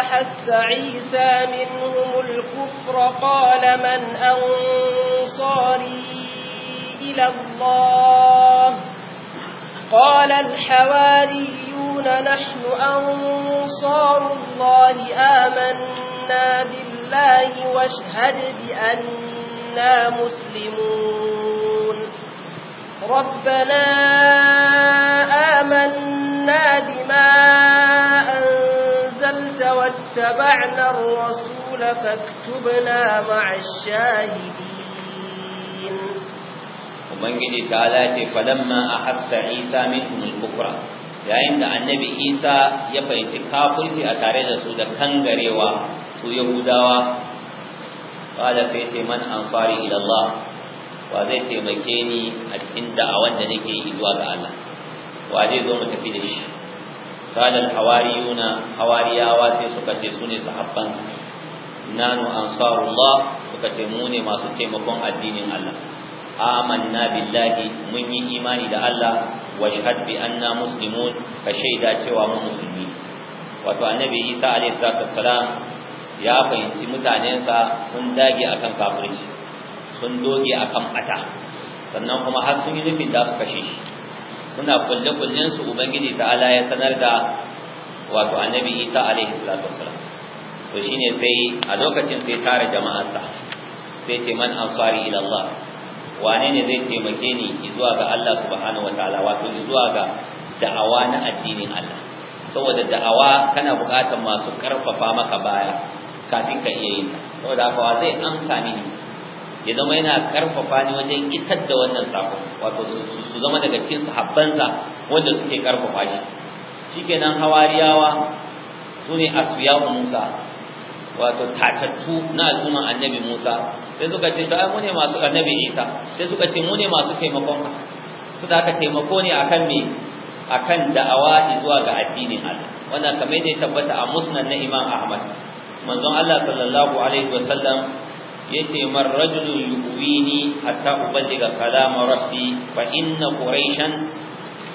أحس عيسى منهم الكفر قال من أنصاري إلى الله قال الحواريون نحن أنصار الله آمنا بالله واشهد بأننا مسلمون ربنا آمنا بما أنزلت واتبعنا الرسول فاكتبنا مع الشاهدين ubangiji ta ce falamma hassa isa min al-kufra yayin da annabi isa ya fahimci kafirci a tare da su da kangarewa su yahudawa da sai ce man ansari fari allah wa zai taimake ni a cikin da'awar da nake yi zuwa ga Allah wa zai zo mu tafi da shi qala hawariyuna hawariyawa sai suka ce sune sahabban nanu ansarullah suka ce mu ne masu taimakon addinin Allah amanna billahi mun yi imani da Allah wa shahad bi anna muslimun ka shaida cewa mu musulmi wato annabi Isa alaihi salatu wassalam ya fahimci mutanensa sun dage akan kafirci sun doge akan bata sannan kuma har sun nufin da su kashe shi suna kulle kullen su ubangiji ta'ala ya sanar da wato annabi Isa alaihi salatu wassalam to shine sai a lokacin sai tare jama'arsa sai ce man ansari wane ne zai taimake ni zuwa ga Allah subhanahu ta'ala wato zuwa ga da'awa na addinin Allah saboda da'awa kana buƙatar masu karfafa maka baya kafin ka iya yin saboda haka wa zai amsa ni ya zama yana karfafa ni wajen isar da wannan sako wato su zama daga cikin sahabbansa wanda suke karfafa shi shikenan hawariyawa sune asuya musa wato tatattu na al'umman annabi Musa sai suka ce to ai mu ne masu annabi Isa sai suka ce mu ne masu taimakon ka su da aka taimako ne akan me akan da'awa zuwa ga addinin Allah wannan kamar yadda ya tabbata a musnad na Imam Ahmad manzon Allah sallallahu alaihi wasallam yace man rajulun yuwini hatta uballiga kalam rabbi fa inna quraishan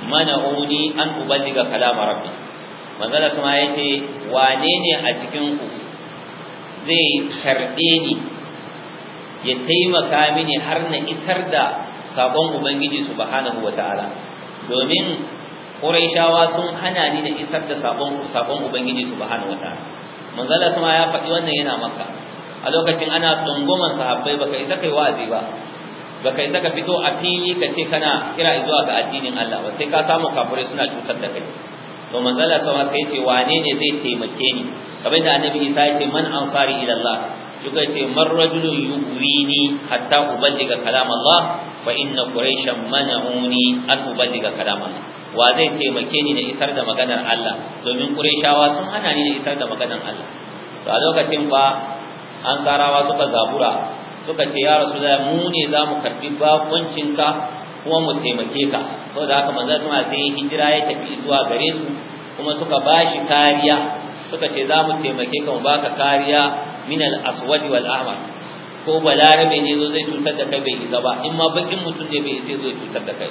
mana'uni an uballiga kalam rabbi manzon kuma yace wane ne a cikin ku zai karɓe ni ya taimaka mini har na isar da sabon ubangiji subhanahu ta'ala, domin quraishawa sun hana ni da isar da sabon su ubangiji subhanahu ta'ala. manzala sama ya faɗi wannan yana maka. a lokacin ana tsungumar sahabbai baka isa kai wa'azi ba baka isa ka fito a fili ka ce kana kira zuwa ga addinin Allah ba sai ka samu kafure suna cutar da kai to manzala sama sai ce wane ne zai taimake ni kamar da annabi Isa ya ce man ansari ila Allah duka ce man rajulun yuwini hatta uballiga kalam Allah fa inna quraishan mana'uni an uballiga kalam Allah wa zai taimake ni na isar da maganar Allah domin quraishawa sun hana ni na isar da maganar Allah to a lokacin ba an karawa suka zabura suka ce ya rasulullahi mu ne zamu karɓi karbi bakuncinka kuma mu taimake ka saboda haka manzo sun sai hijira ya tafi zuwa gare su kuma suka bashi kariya suka ce za mu taimake ka mu baka kariya min al-aswad wal ahmar ko balarabe ne zo zai cutar da kai bai isa ba in ma bakin mutum ne bai isa zai cutar da kai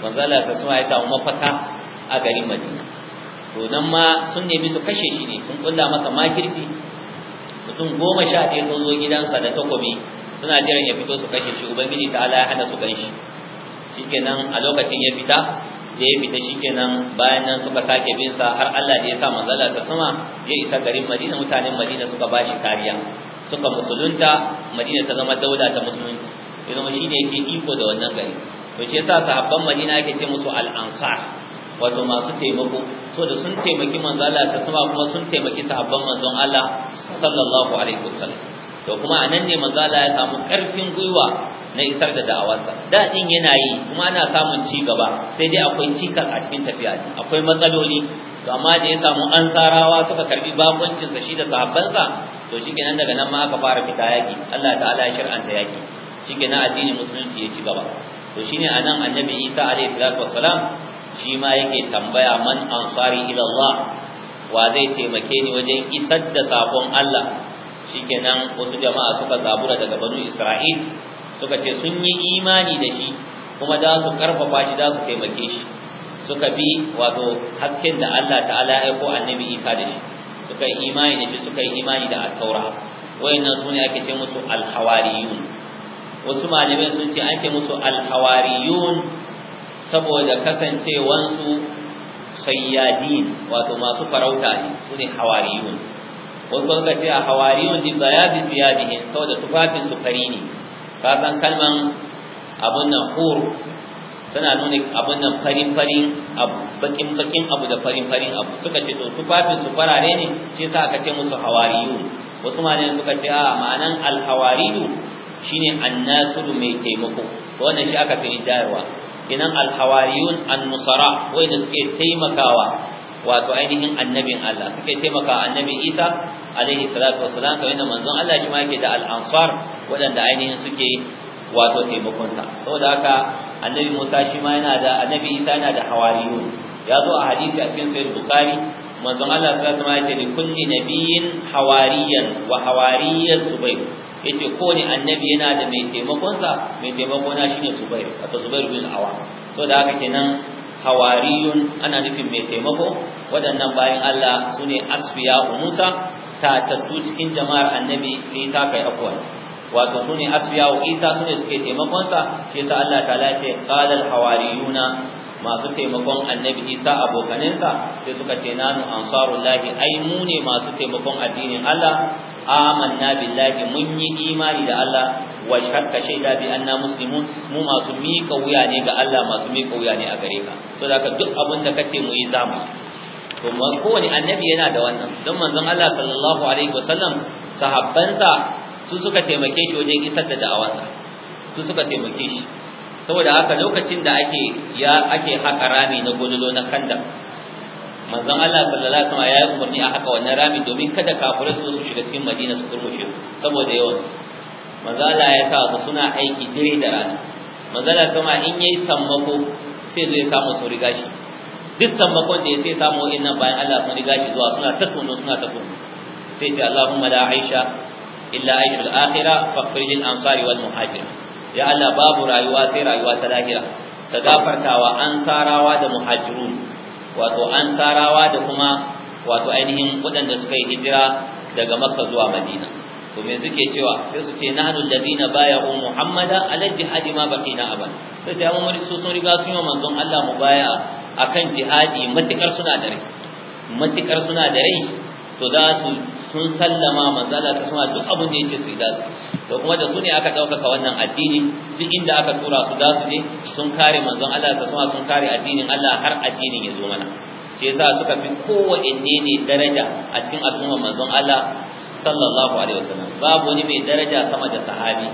manzo Allah sa ya samu mafaka a garin Madina to nan ma sun nemi su kashe shi ne sun kulla masa makirci mutum goma sha ɗaya sun zo gidansa da takobi suna jiran ya fito su kashe shi ubangiji ta ala ya hana su gan shikenan a lokacin ya fita da ya fita kenan bayan nan suka sake bin sa har Allah da ya sa manzala ta sama ya isa garin Madina mutanen Madina suka bashi kariya suka musulunta Madina ta zama dauda ta musulunci yanzu ne yake iko da wannan gari to shi yasa sahabban Madina yake ce musu al-ansar wato masu taimako so da sun taimaki Manzala ta suma sama kuma sun taimaki sahabban manzon Allah sallallahu alaihi wasallam to kuma anan ne manzo ya samu karfin gwiwa na isar da da'awarsa da din yana yi kuma ana samun ci gaba sai dai akwai cikas a cikin tafiya akwai matsaloli to amma da ya samu ansarawa suka karbi bakoncin sa shi da sahabbansa to shikenan daga nan ma aka fara fita yaki Allah ta'ala ya shir'anta yaki shikenan addinin musulunci ya ci gaba to shine anan annabi Isa alaihi salatu wassalam shi ma yake tambaya man ansari ila Allah wa zai taimake ni wajen isar da sabon Allah shikenan wasu jama'a suka zabura daga banu Isra'il suka ce sun yi imani da shi kuma za su karfafa shi za su taimake shi suka bi wato hakkin da Allah ta'ala ya aiko annabi Isa da shi suka yi imani da shi suka yi imani da at-taura wayannan sune ake ce musu al-hawariyun wasu malamai sun ce ake ce musu al-hawariyun saboda kasancewansu sayyadin wato masu farauta ne sune hawariyun wasu suka ce a hawariyun li bayadi thiyabihim da tufafin su fari ne ka san kalman abun nan hur suna nuna abun nan farin farin abu bakin bakin abu da farin farin abu suka ce to tufafin su farare ne shi sa aka ce musu hawariyun wasu ma suka ce a ma'anan al hawariyu shine annasuru mai taimako wannan shi aka fi dayarwa Kinan al hawariyun an nusara wanda suke taimakawa wato ainihin annabin Allah suke taimaka annabi Isa alaihi salatu wassalam kamar yadda manzon Allah shi ma yake da al-ansar waɗanda ainihin suke wato taimakon sa saboda haka annabi Musa shi ma yana da annabi Isa yana da hawariyun ya zo a hadisi a cikin sahih Bukhari manzon Allah sallallahu alaihi wasallam ya ce kulli nabiyyin hawariyan wa hawariyat zubair yace kowane annabi yana da mai taimakon sa mai taimako na shine zubair wato zubair bin awam so da haka kenan hawariyun ana nufin mai taimako waɗannan bayan Allah su ne asfiya Musa tatattu cikin jama'ar annabi Isa kai akwai wato su ne Isa su ne suke taimakonsa shi yasa Allah ta lafi qala al hawariyuna masu taimakon annabi isa abokanensa sai suka ce nanu ansarullahi ai mu ne masu taimakon addinin allah amanna billahi mun yi imani da allah wa shakka shaida bi anna muslimun mu masu miƙa wuya ne ga allah masu miƙa wuya ne a gare ka so da duk abin da kace mu yi zamu to kowane annabi yana da wannan don manzon allah sallallahu alaihi wasallam sahabbansa su suka taimake shi wajen isar da da'awarsa su suka taimake shi saboda haka lokacin da ake ya ake haka rami na gololo na kanda manzon Allah sallallahu alaihi wasallam ya yi umarni a haka wannan rami domin kada kafirai su su shiga cikin Madina su kurmushe saboda yawan su manzon Allah ya sa su suna aiki dire da rana manzon Allah sama in yayi sammako sai zai samu su riga shi duk sammakon da ya sai samu wa'annan bayan Allah sun riga shi zuwa suna ta tuno suna ta tuno sai ce Allahumma la aisha illa aishul akhirah faghfir lil ansari wal muhajirin ya Allah babu rayuwa sai rayuwa ta lahira ta gafartawa an sarawa da muhajirun wato an ansarawa da kuma wato ainihin waɗanda suka yi hijira daga makka zuwa madina to me suke cewa sai su ce nahnu alladhina bay'u muhammada ala jihadi ma baqina aban sai da mu su sun riga sun yi manzon Allah mu baya akan jihadi matikar suna da rai matikar suna da rai to za su sun sallama manzala ta kuma duk abin da yake su za su to kuma da su ne aka ɗaukaka wannan addini duk inda aka tura su za su ne sun kare manzon Allah ta kuma sun kare addinin Allah har addinin ya zo mana shi yasa suka fi kowanne ne daraja a cikin al'ummar manzon Allah sallallahu alaihi wasallam babu wani mai daraja sama da sahabi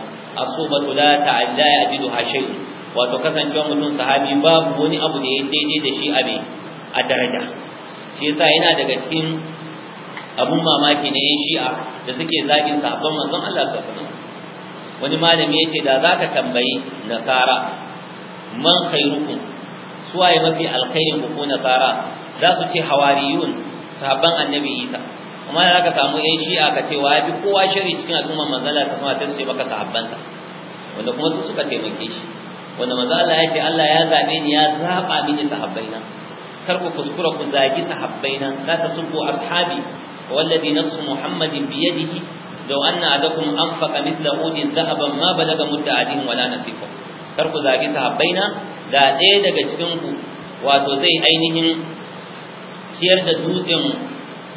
asubatu la ta'alla yajiduha shay'un wato kasancewa mutum sahabi babu wani abu da ya daidai da shi abe a daraja shi yasa yana daga cikin abun mamaki ne yan shi'a da suke zagin sahabban manzon Allah sallallahu wani malami ya ce da zaka tambayi nasara man khairukum suwaye mafi alkhairin ku ko nasara za su ce hawariyun sahabban annabi Isa amma da ka samu yan shi'a ka ce wa ya fi kowa shari cikin al'ummar manzon Allah sallallahu sai su ce maka sahabbansa wanda kuma su suka taimake shi wanda manzo Allah ya ce Allah ya zabe ni ya zaba mini sahabbaina kar ku kuskura ku zagi sahabbaina ta tasubbu ashabi والذي nasu محمد بيده لو أن أحدكم أنفق مثل أود ذهبا ما بلغ مد عدهم ولا نصيفه karku zagi sahabbaina da ɗaya daga cikin ku wato zai ainihin ciyar da dutsen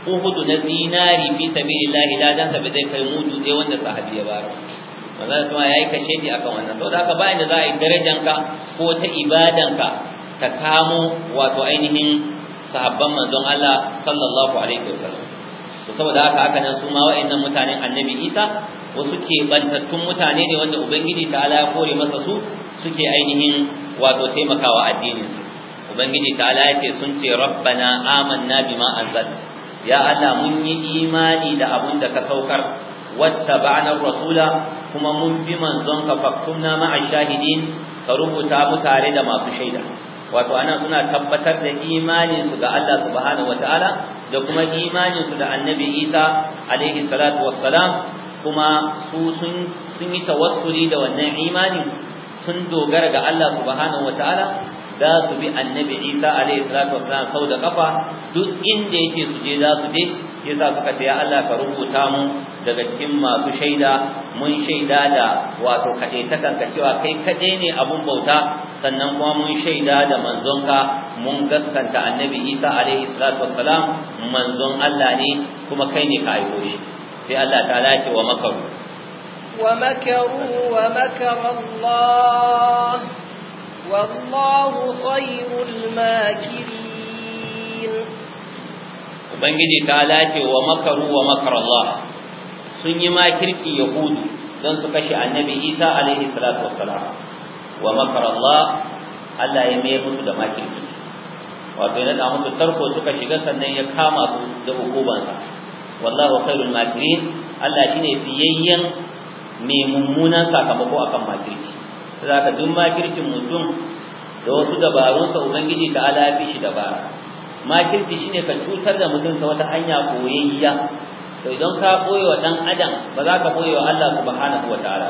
uhudu na zinari fi sabilillahi ladan sa bai zai kai mudu dai wanda sahabi ya bara manzo sama yayi kashe ni akan wannan saboda aka bayan da za a yi darajanka ko ta ka ta kamo wato ainihin sahabban manzon Allah sallallahu alaihi to saboda haka aka nan su ma wa'annan mutanen annabi isa wasu ke bantattun mutane ne wanda ubangiji ta'ala ya kore masa su suke ainihin wato taimakawa addinin su. ubangiji ta'ala ala ce sun ce rabbana amanna bima anzal ya Allah mun yi imani da abun da ka saukar wattaba'na rasula kuma mun bi manzon ka faktumna ma'a shahidin ka rubuta mu tare da masu shaida wato ana suna tabbatar da imanin su ga Allah subhanahu wataala da kuma imanin su da Annabi Isa alaihi salatu wassalam kuma su sun sun yi tawassuli da wannan imanin sun dogara ga Allah subhanahu wataala za su bi Annabi Isa alaihi salatu wassalam sau da kafa duk inda yake su je za su je yasa suka ce ya Allah ka rubuta mu daga cikin masu shaida mun shaida da wato kaɗai ta kanka cewa kai kaɗai ne abun bauta sannan kuma mun shaida da manzonka mun gaskanta annabi Isa alaihi salatu wassalam manzon Allah ne kuma kai ne ka aiko shi sai Allah ta'ala ce wa makaru wa makaru wa makara Allah wallahu khairul makirin ubangiji ta lace wa makaru wa makar Allah sun yi makirci yahudu don su kashe annabi isa alaihi salatu wassalam wa makar Allah Allah ya mayar mutu da makirci wato yana musu tarko suka shiga sannan ya kama su da hukumansa wallahu khairul makirin Allah shine fiyayyen mai mummunan sakamako akan makirci saboda duk makircin mutum da wasu dabarunsa ubangiji ta alafi shi dabara makirci shine ka cutar da mutum ta wata hanya koyayya to idan ka koyi wa dan adam ba za ka koyi wa Allah subhanahu wataala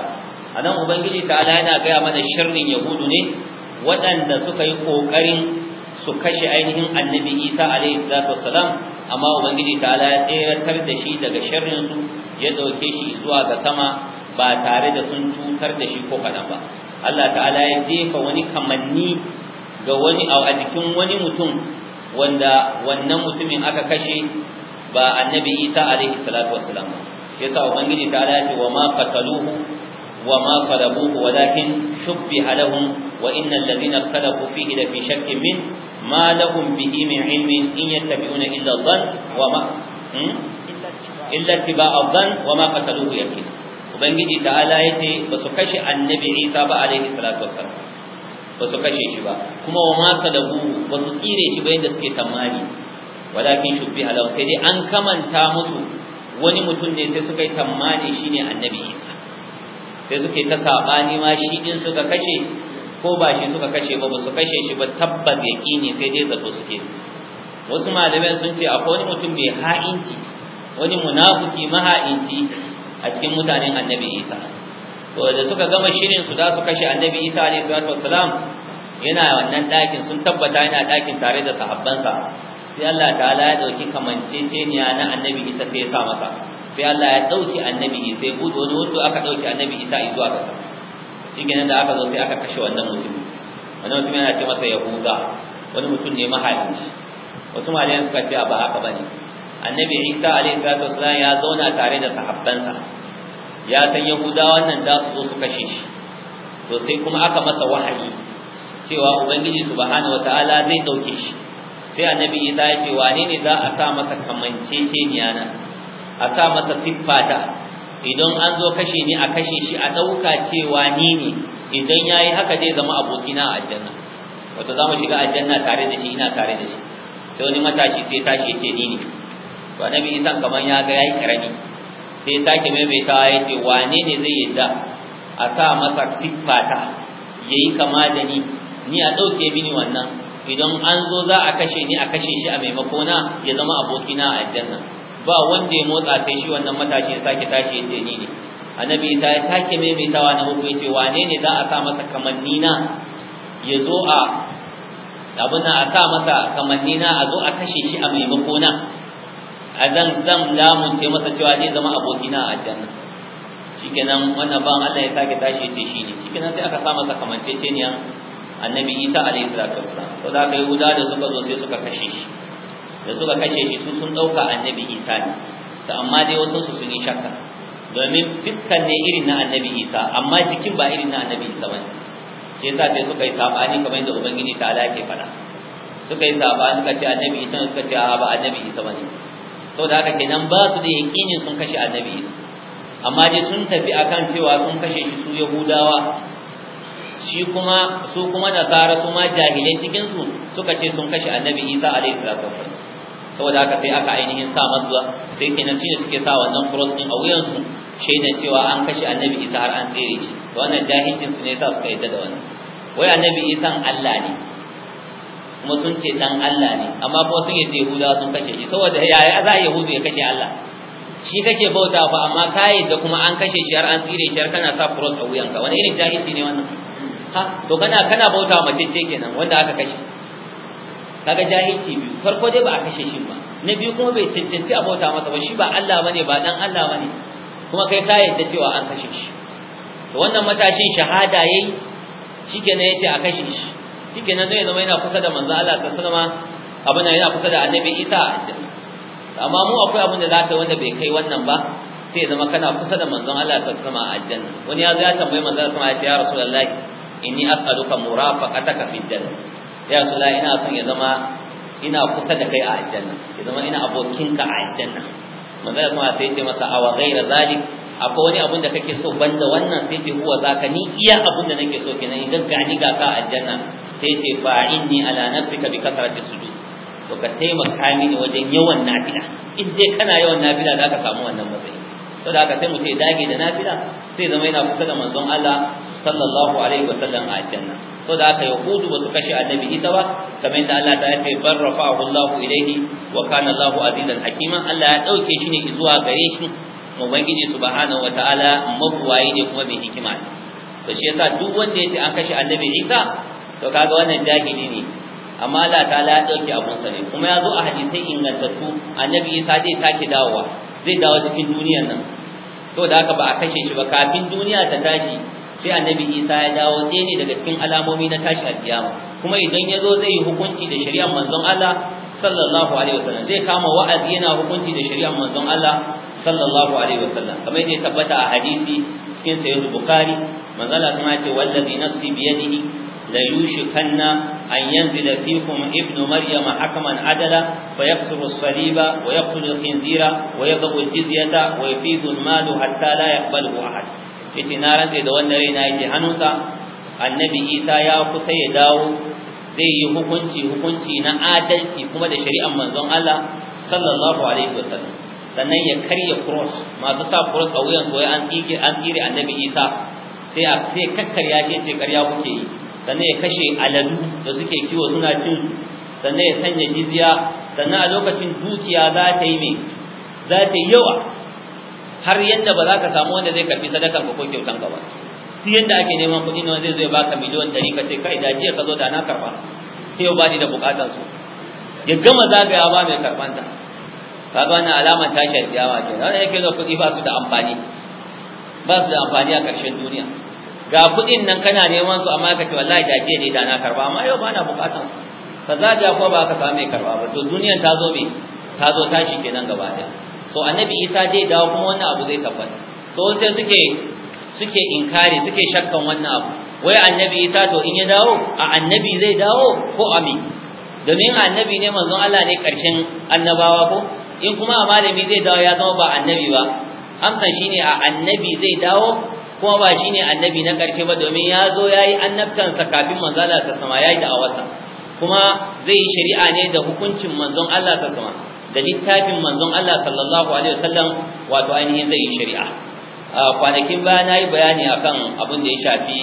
anan ubangiji ta'ala yana gaya mana sharrin yahudu ne waɗanda suka yi kokarin su kashe ainihin annabi Isa alaihi salatu wassalam amma ubangiji ta'ala ya tseratar da shi daga sharrin su ya dauke shi zuwa ga sama ba tare da sun cutar da shi ko kaɗan ba Allah ta'ala ya jefa wani kamanni ga wani a jikin wani mutum wanda wannan mutumin aka kashe ba annabi Isa alaihi salatu wassalam sa ubangiji ta dace wa ma qataluhu wa ma salabuhu walakin shubbiha lahum wa innal ladina ikhtalafu fihi la fi shakkin min ma lahum bihi min ilmin in yattabi'una illa dhann wa ma hmm? illa ittiba'a dhann wa ma qataluhu yakin ubangiji ta'ala yace ba su kashe annabi Isa ba alaihi salatu wassalam ba su kashe shi ba kuma wa masa da ba su tsire shi ba yadda suke tamari walakin shubbi halau sai dai an kamanta musu wani mutum ne sai suka yi shi shine annabi isa sai suke ta sabani ma shi din suka kashe ko ba shi suka kashe ba ba su kashe shi ba tabbas yaqini sai dai zato suke wasu malamai sun ce akwai wani mutum mai ha'inci wani munafiki maha'inci a cikin mutanen annabi isa to suka gama shirin su za su kashe annabi isa alaihi salatu wassalam yana wannan ɗakin sun tabbata yana ɗakin tare da sahabbansa sai Allah ta'ala ya ɗauki kamanceceniya na annabi isa sai ya sa masa sai Allah ya ɗauki annabi isa ya bude wani wudu aka ɗauki annabi isa zuwa kasa shikenan da aka zo sai aka kashe wannan mutum wani mutum yana ce masa yahuda wani mutum ne mahalici wasu malayan suka ce ba haka bane annabi isa alaihi salatu wassalam ya zauna tare da sahabbansa ya san yahudawan nan za su zo su kashe shi to sai kuma aka masa wahayi cewa ubangiji subhanahu wataala zai dauke shi sai annabi isa ya ce wane ne za a sa masa kamanceceniya na a sa masa siffata idan an zo kashe ni a kashe shi a dauka cewa ni ne idan yayi haka zai zama abokina a aljanna wato za mu shiga aljanna tare da shi ina tare da shi sai wani matashi sai tashi ya ce ni ne to annabi isa kaman ya ga yayi karami sai sake maimaitawa ya ce wane ne zai yadda a sa masa siffata ya yi kama da ni ni a ɗauke mini wannan idan an zo za a kashe ni a kashe shi a maimakona ya zama abokina a aljanna ba wanda ya motsa sai shi wannan matashi ya sake tashi ya ce ni ne annabi ta ya sake maimaitawa na uku ya ce wane ne za a sa masa kamanni na ya zo a abin a sa masa kamanni na a zo a kashe shi a maimako na a zan zan lamunce masa cewa zai zama abokina a janna shikenan wannan ban Allah ya sake tashi ce shi ne shikenan sai aka sa masa kamanceceniya annabi Isa alayhi salatu wassalam to da kai Yahuda da suka zo sai suka kashe shi da suka kashe shi su sun dauka annabi Isa ne to amma dai wasu su sun yi shakka domin fiskan ne irin na annabi Isa amma jikin ba irin na annabi Isa ba sai yasa sai suka yi sabani kamar yadda ubangiji ta ala ke fada suka yi sabani kace annabi Isa suka ce a ba annabi Isa bane da haka kenan ba su da yaƙini sun kashe annabi amma dai sun tafi akan cewa sun kashe shi su yahudawa shi kuma su kuma da tsara su ma jahilai cikin su suka ce sun kashe annabi isa alaihi salatu wasallam saboda haka sai aka ainihin sa masu sai kenan ne suke sa wannan cross din a wuyan su shaidan cewa an kashe annabi isa har an tsere shi to wannan jahilcin su ne sa suka yadda da wannan wai annabi isan Allah ne kuma sun ce dan Allah ne amma kuma sun yadda Yahuda sun kashe shi saboda yaya za a Yahudu ya kake Allah shi kake bauta ba amma ka da kuma an kashe shi har an tsire shi har kana sa cross a wuyanka wani irin jahilci ne wannan ha to kana kana bauta wa mace ce kenan wanda aka kashe kaga jahilci biyu farko dai ba a kashe shi ba na biyu kuma bai cancanci a bauta masa ba shi ba Allah bane ba dan Allah bane kuma kai ka yadda cewa an kashe shi to wannan matashin shahada yayi shikenan yace a kashe shi shikenan zai zama yana kusa da manzo Allah ta sallama abin da yana kusa da annabi Isa amma mu akwai abin da za ka wanda bai kai wannan ba sai zama kana kusa da manzon Allah ta sallama a aljanna wani ya zo ya tambayi manzon Allah ya ce ya rasulullahi inni as'aluka murafaqataka fil janna ya rasulullahi ina son ya zama ina kusa da kai a aljanna ya zama ina abokinka a aljanna manzon Allah sai ya ce masa awa ghaira zalik akwai wani abun da kake so banda wannan sai ce huwa zaka ni iya abun da nake so kenan idan ga ni ga ka aljanna sai ce fa inni ala nafsika bi kasrati sujud to ka taimaka mini wajen yawan nafila in dai kana yawan nafila zaka samu wannan matsayi to da haka sai mutum dage da nafila sai zama yana kusa da manzon Allah sallallahu alaihi wa sallam a aljanna so da haka yahudu ba su kashe annabi ita ba kamar yadda Allah ta yace barrafahu Allahu ilaihi wa kana Allahu azizan hakima Allah ya dauke shi ne zuwa gare shi ubangiji subhanahu wataala mabuwayi ne kuma mai hikima ne to shi yasa duk wanda yace an kashe annabi Isa to kaga wannan jahili ne amma Allah ta'ala ya dauke abun sa ne kuma yazo a hadisai ingantattu annabi Isa zai take dawowa zai dawo cikin duniyar nan saboda haka ba a kashe shi ba kafin duniya ta tashi sai annabi isa ya dawo sai ne daga cikin alamomi na tashi alkiyama kuma idan ya zo zai yi hukunci da shari'ar manzon Allah sallallahu alaihi wasallam zai kama wa'azi yana hukunci da shari'ar manzon Allah sallallahu alaihi wasallam kamar yadda ya tabbata a hadisi cikin sahih bukhari manzon Allah kuma ya ce wallazi nafsi biyadihi la yushikanna an yanzila fikum ibnu maryam hakaman adala fa yaksuru as-saliba wa yaqtulu al-khinzira wa yadhu al-jizyata wa yafidu al hatta la yaqbalu ahad yace na rantse da wannan raina yake hannunsa annabi isa ya kusa ya dawo zai yi hukunci hukunci na adalci kuma da shari'ar manzon Allah sallallahu alaihi wasallam sannan ya karya cross masu sa cross a wuyan goyi an tsige an tsire annabi isa sai a sai kakkarya ke ce karya kuke yi sannan ya kashe aladu da suke kiwo suna cin sannan ya sanya jizya sannan a lokacin dukiya za ta yi za ta yi yawa har yadda ba za ka samu wanda zai karbi sadakar ba ko kyautan ka ba shi yadda ake neman kuɗi ne zai zo ya baka miliyon ɗari ka ce kai da jiya ka zo da na karba sai ya bani da bukatar su ya gama zagaya ba mai karban ta kaga wannan alamar tashar kiyama ke wanda yake zo kuɗi ba su da amfani ba su da amfani a ƙarshen duniya ga kuɗin nan kana neman su amma ka ce wallahi da jiya ne da na karba amma yau ba na su. ka zagaya ko ba ka samu mai karba ba to duniyan ta zo me ta zo tashi kenan gaba ɗaya so annabi isa zai dawo kuma wannan abu zai tabbata to sai suke suke inkari suke shakkan wannan abu wai annabi isa to in ya dawo a annabi zai dawo ko ami domin annabi ne manzon Allah ne karshen annabawa ko in kuma a malami zai dawo ya zama ba annabi ba amsan shine a annabi zai dawo kuma ba shine annabi na karshe ba domin ya zo yayi annabtansa kafin manzon Allah sa sama yayi da'awarsa kuma zai yi shari'a ne da hukuncin manzon Allah sa sama da littafin manzon Allah sallallahu alaihi wasallam wato ainihin zai yi shari'a kwanakin baya na yi bayani akan abin da ya shafi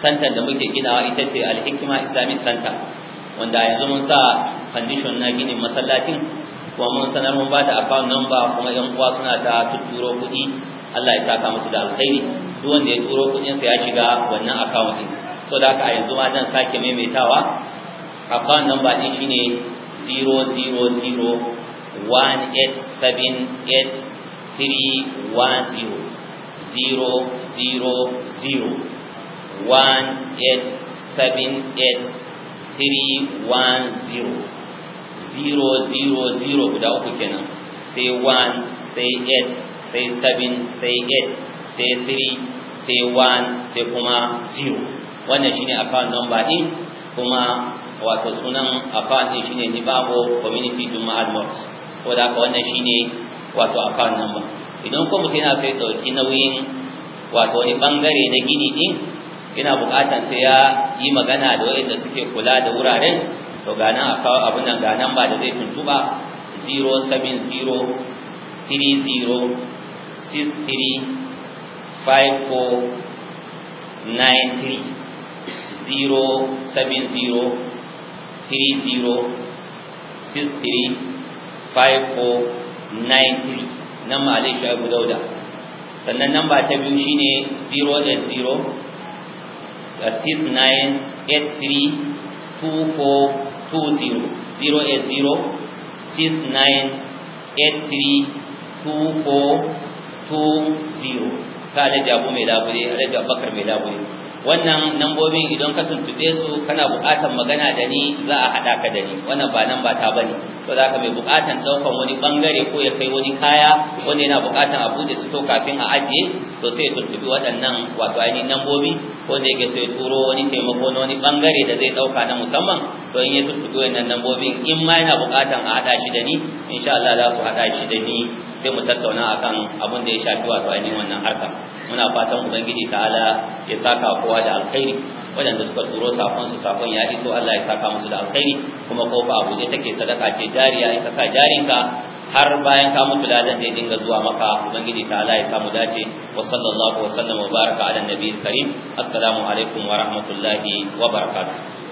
santar da muke ginawa ita ce al-hikma islamic santa, wanda yanzu mun sa condition na ginin masallacin kuma mun sanar mun ba da account number kuma yan uwa suna da tuturo kuɗi Allah ya saka musu da alkhairi duk wanda ya turo kudin sa ya shiga wannan account din so da haka a yanzu ma zan sake maimaitawa account number din shine 0 guda uku kenan sai 1 sai 8 sai 7 sai 8 sai 3 sai 1 sai kuma 0 wannan shine account nomba din kuma wato sunan afani shine Nibago Community Juma Mosque ko da ko wannan shine wato account number idan ko mutum yana sai dauki nauyin wato wani bangare na gini din yana bukatan sai ya yi magana da wayanda suke kula da wuraren to ga nan abun nan ga nan ba da zai tuntuba 070 30 63 070 00635493 nan ma alai shaibu dauda sannan namba ta biyu shine 080 69832420 080 ka da abu mai labure alhaji abubakar mai labure wannan nambobin idan ka tuntube su kana buƙatar magana da ni za a haɗa ka da ni wannan ba nan ba ta bane to za ka mai buƙatar daukan wani ɓangare ko ya kai wani kaya wanda yana buƙatar a buɗe su to kafin a ajiye to sai ya tuntubi waɗannan wato ainihin nambobi da yake sai turo wani taimako na wani ɓangare da zai ɗauka na musamman to in ya tuntubi wannan nambobin in ma yana buƙatar a haɗa shi da ni insha Allah za su haɗa shi da ni sai mu tattauna akan abin da ya shafi wato ainihin wannan harka muna fatan ubangiji ta'ala ya saka kowa annabawa da alkhairi waɗanda suka turo sakon su sakon ya iso Allah ya saka musu da alkhairi kuma kofa abu ne take sadaka ce jariya in ka sa ka har bayan ka mutu da zai dinga zuwa maka ubangiji ta Allah ya samu dace wa sallallahu wa sallama wa baraka ala nabiyil karim assalamu alaikum wa rahmatullahi wa barakatuh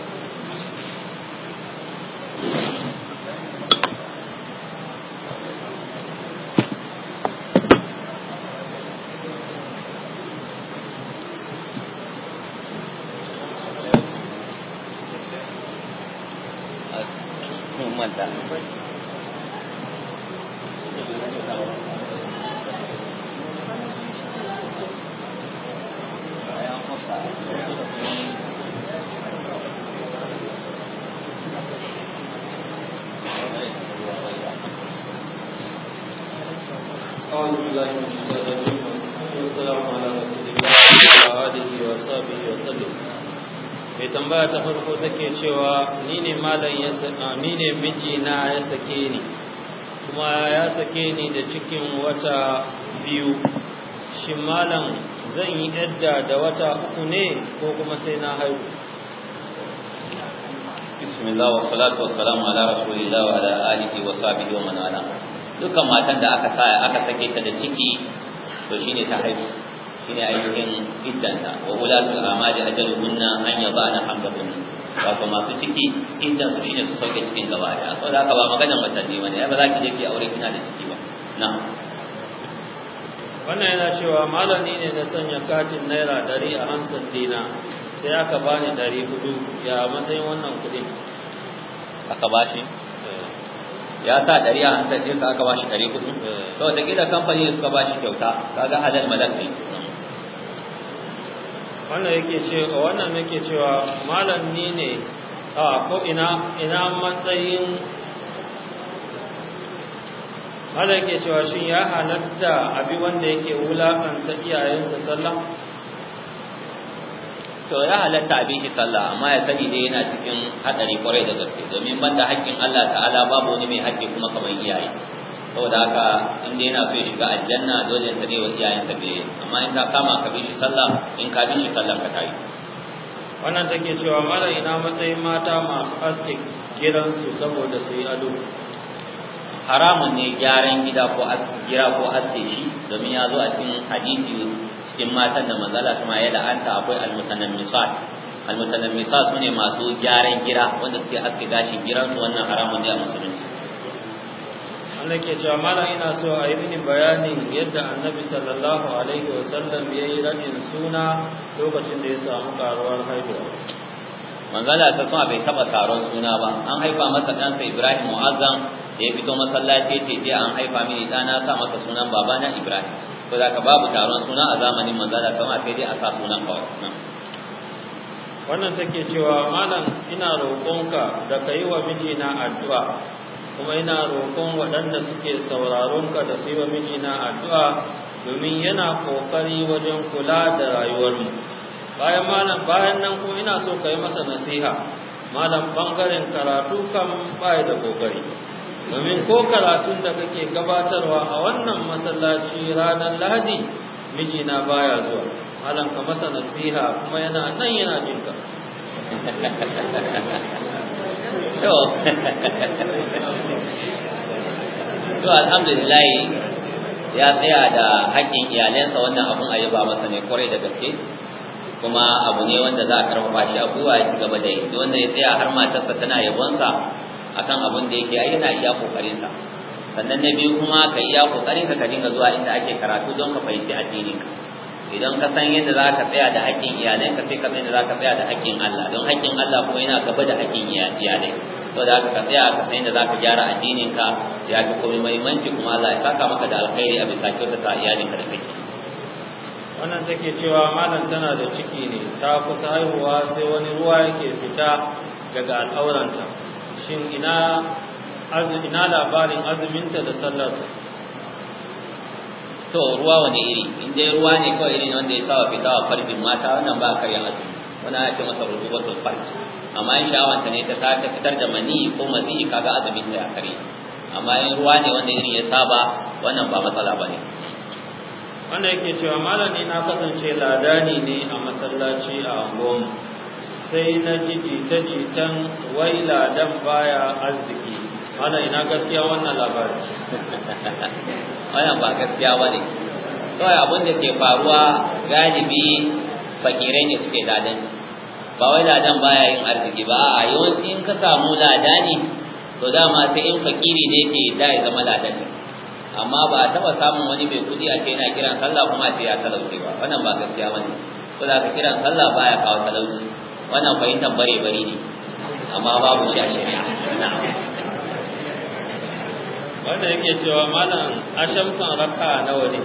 da wata uku ne ko kuma sai na haihu bismillah wa salatu wa salam ala rasulillah wa ala alihi wa sahbihi wa man wala duka matan da aka sa aka sake ta da ciki to shine ta haihu shine aikin iddanta wa ulatul amali ajaluhunna an yadana ba ko masu ciki inda su shine su sauke cikin gaba da saboda haka ba maganar watanni ne ba za ki je ki aure kina da ciki ba na'am wannan yana cewa malami ne na sanya kacin naira dari a hamsin dina sai aka bani dari hudu ya matsayin wannan kuɗin aka ba shi eh. ya sa dari a dina sai aka shi dari hudu eh. to da gida kamfani suka ba shi kyauta kaga halal malal ne wannan yake cewa wannan yake cewa malam ni ne a ko ina ina matsayin Allah yake cewa shin ya halatta abi wanda yake wulakanta iyayensa sallah to ya halatta abin shi sallah amma ya sani dai yana cikin hadari kwarai da gaske domin banda haƙƙin Allah ta'ala babu wani mai haƙƙi kuma kamar iyaye saboda haka in yana so ya shiga aljanna dole ya sani wa iyayensa bai amma in ka kama ka bi shi sallah in ka bi shi sallah ka tayi wannan take cewa mara ina matsayin mata masu aske gidansu saboda su yi ado haramun ne gyaran gida ko gira ko aske shi domin ya zo a cikin hadisi cikin matan da manzala kuma ya la'anta akwai almutanammisat su sune masu gyaran gira wanda suke aske gashin su wannan haramun ne a musulunci Allah ke cewa malam ina so a yi mini bayanin yadda annabi sallallahu alaihi wasallam ya yi rajin suna lokacin da ya samu karuwar haihuwa manzala ta suna bai taba taron suna ba an haifa masa ɗansa Ibrahim Mu'azzam da ya fito masallaci ce je an haifa mini ɗana sa masa sunan babana Ibrahim ko da ka babu taron suna a zamanin manzala sai dai a sa sunan kawai wannan take cewa malam ina roƙonka da ka yi wa mijina addu'a kuma ina roƙon waɗanda suke ka da su yi wa mijina addu'a domin yana ƙoƙari wajen kula da rayuwarmu bayan malam bayan nan ko ina so ka yi masa nasiha malam bangaren karatu kan bai da kokari domin ko karatun da kake gabatarwa a wannan masallaci ranar lahadi mijina baya zuwa malam ka masa nasiha kuma yana nan yana jinka to to alhamdulillah ya tsaya da haƙƙin iyalansa wannan abin a yaba masa ne kwarai da gaske kuma abu ne wanda za a karfafa shi a gwiwa ya ci gaba da yi wanda ya tsaya har matarsa tana yabonsa akan abin da ya ke yana iya kokarin sa sannan na biyu kuma ka iya kokarin ka dinga zuwa inda ake karatu don ka fahimci addinin ka idan ka san yadda za ka tsaya da haƙƙin iyalai ka sai ka san yadda za ka tsaya da haƙƙin Allah don haƙƙin Allah kuma yana gaba da haƙƙin iyalai to da haka ka tsaya ka san yadda za ka gyara addinin ka ya fi komai muhimmanci kuma Allah ya saka maka da alkhairi a bisa kyautata iyalin ka da kake wannan take cewa malam tana da ciki ne ta kusa haihuwa sai wani ruwa yake fita daga al'auranta shin ina ina labarin azuminta da sallarta to ruwa wani iri in dai ruwa ne kawai irin wanda ya sawa fita wa farjin mata wannan ba karya azumi wani ake masa da farji amma in sha'awanta ne ta ta fitar da mani ko mazi kaga azumin da ya kare amma in ruwa ne wanda irin ya saba wannan ba matsala bane wanda yake cewa malami na kasance ladani ne a masallaci a angon sai na ji jita-jitan wai ladan baya arziki ana ina gaskiya wannan labari aya ba gaskiya ba ne kawai abin da ke faruwa galibi fakirai ne suke ladan ba wai ladan baya yin arziki ba a yawanci in ka samu ladani to dama sai in fakiri ne ke da ya zama ladan amma ba a taba samun wani mai kudi a ce yana kiran sallah kuma a ya talauce ba wannan ba gaskiya bane ko da ka kiran sallah baya kawo talauci wannan fahimtar bare bare ne amma babu shi a shari'a wannan yake cewa malam ashamfan raka nawa ne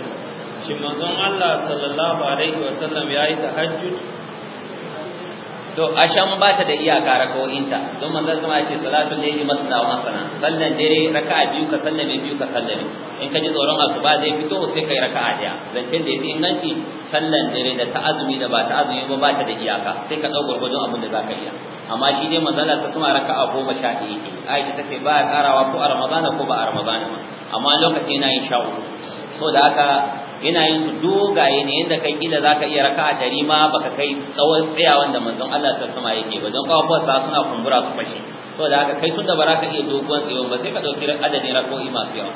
shi manzon Allah sallallahu alaihi wasallam yayi tahajjud to sha mun bata da iyaka rakawoyinta don manzon sama yake salatul layli masu wa masana sallan dare raka'a biyu ka sallame biyu ka sallame in ka ji tsoron asuba zai fito sai kai raka'a daya zancen da yafi inganci sallan dare da ta azumi da ba ta azumi ba bata da iyaka sai ka dau gurgurdun abin da zaka iya amma shi dai manzon suna sama raka'a goma sha ɗaya yake ta take ba a karawa ko a ramadana ko ba a ramadana ba amma lokaci yana yin sha'u so da haka yana yin su dogaye ne yadda kai kila zaka iya raka'a dari ma baka kai tsawon tsayawan da manzon Allah Allah ta sama yake ba don sa suna kumbura su fashi to da haka kai tunda baraka za iya doguwar tsayon ba sai ka dauki adadin rako'i masu yawa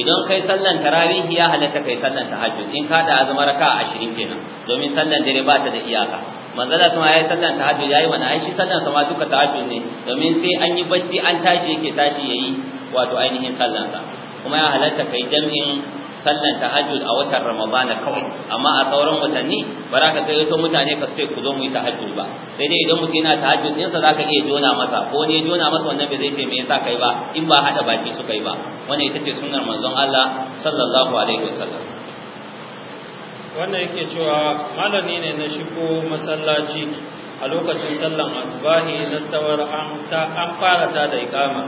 idan kai sallan tarawih ya halatta kai sallan tahajjud in ka da azumar ka 20 kenan domin sallan dare ba ta da iyaka manzala kuma yayi sallan tahajjud yayi wani aishi sallan sama duka tahajjud ne domin sai an yi bacci an tashi yake tashi yayi wato ainihin sallan sa kuma ya halatta kai jami'in sallan tahajjud a watan ramadana kawai amma a sauran watanni ba za ka gayyato mutane ka sai ku zo mu yi tahajjud ba sai dai idan mutum yana tahajjud sa za ka iya jona masa ko ne jona masa wannan bai zai ce me yasa kai ba in ba hada baki su kai ba wannan ita ce sunnar manzon Allah sallallahu alaihi wasallam wannan yake cewa malami ne na shigo masallaci a lokacin sallan asbahi na tsawar an fara ta da ikama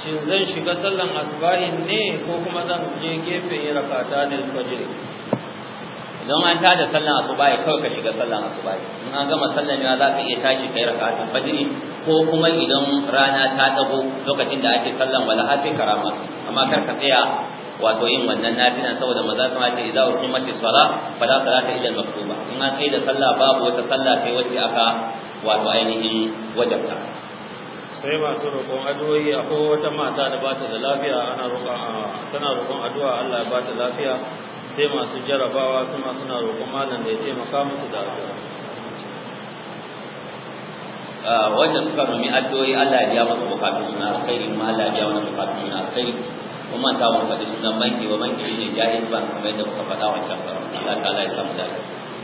shin zan shiga sallan asbahi ne ko kuma zan je gefe yin rakata da fajr idan an tada sallan asbahi kawai ka shiga sallan asbahi in an gama sallan ya za ka iya tashi kai rakatun fajr ko kuma idan rana ta dago lokacin da ake sallan wala hafi karama amma kar ka tsaya wato yin wannan nafila saboda maza sun ce idza uqimatis sala fala salata illa al-maktuba in an kai da sallah babu wata sallah sai wacce aka wato ainihin wajabta sai masu roƙon addu'o'i akwai wata mata da ba ta da lafiya ana roƙon tana roƙon addu'a Allah ya ba ta lafiya sai masu jarabawa su ma suna roƙon malam da ya taimaka musu da addu'a wanda suka nomi addu'o'i Allah ya biya masa bukatun suna alkhairi kuma Allah ya biya masa bukatun suna alkhairi kuma ta wani faɗi suna banki ba banki ne jahil ba kamar yadda muka faɗa wancan ba Allah ta'ala ya samu dace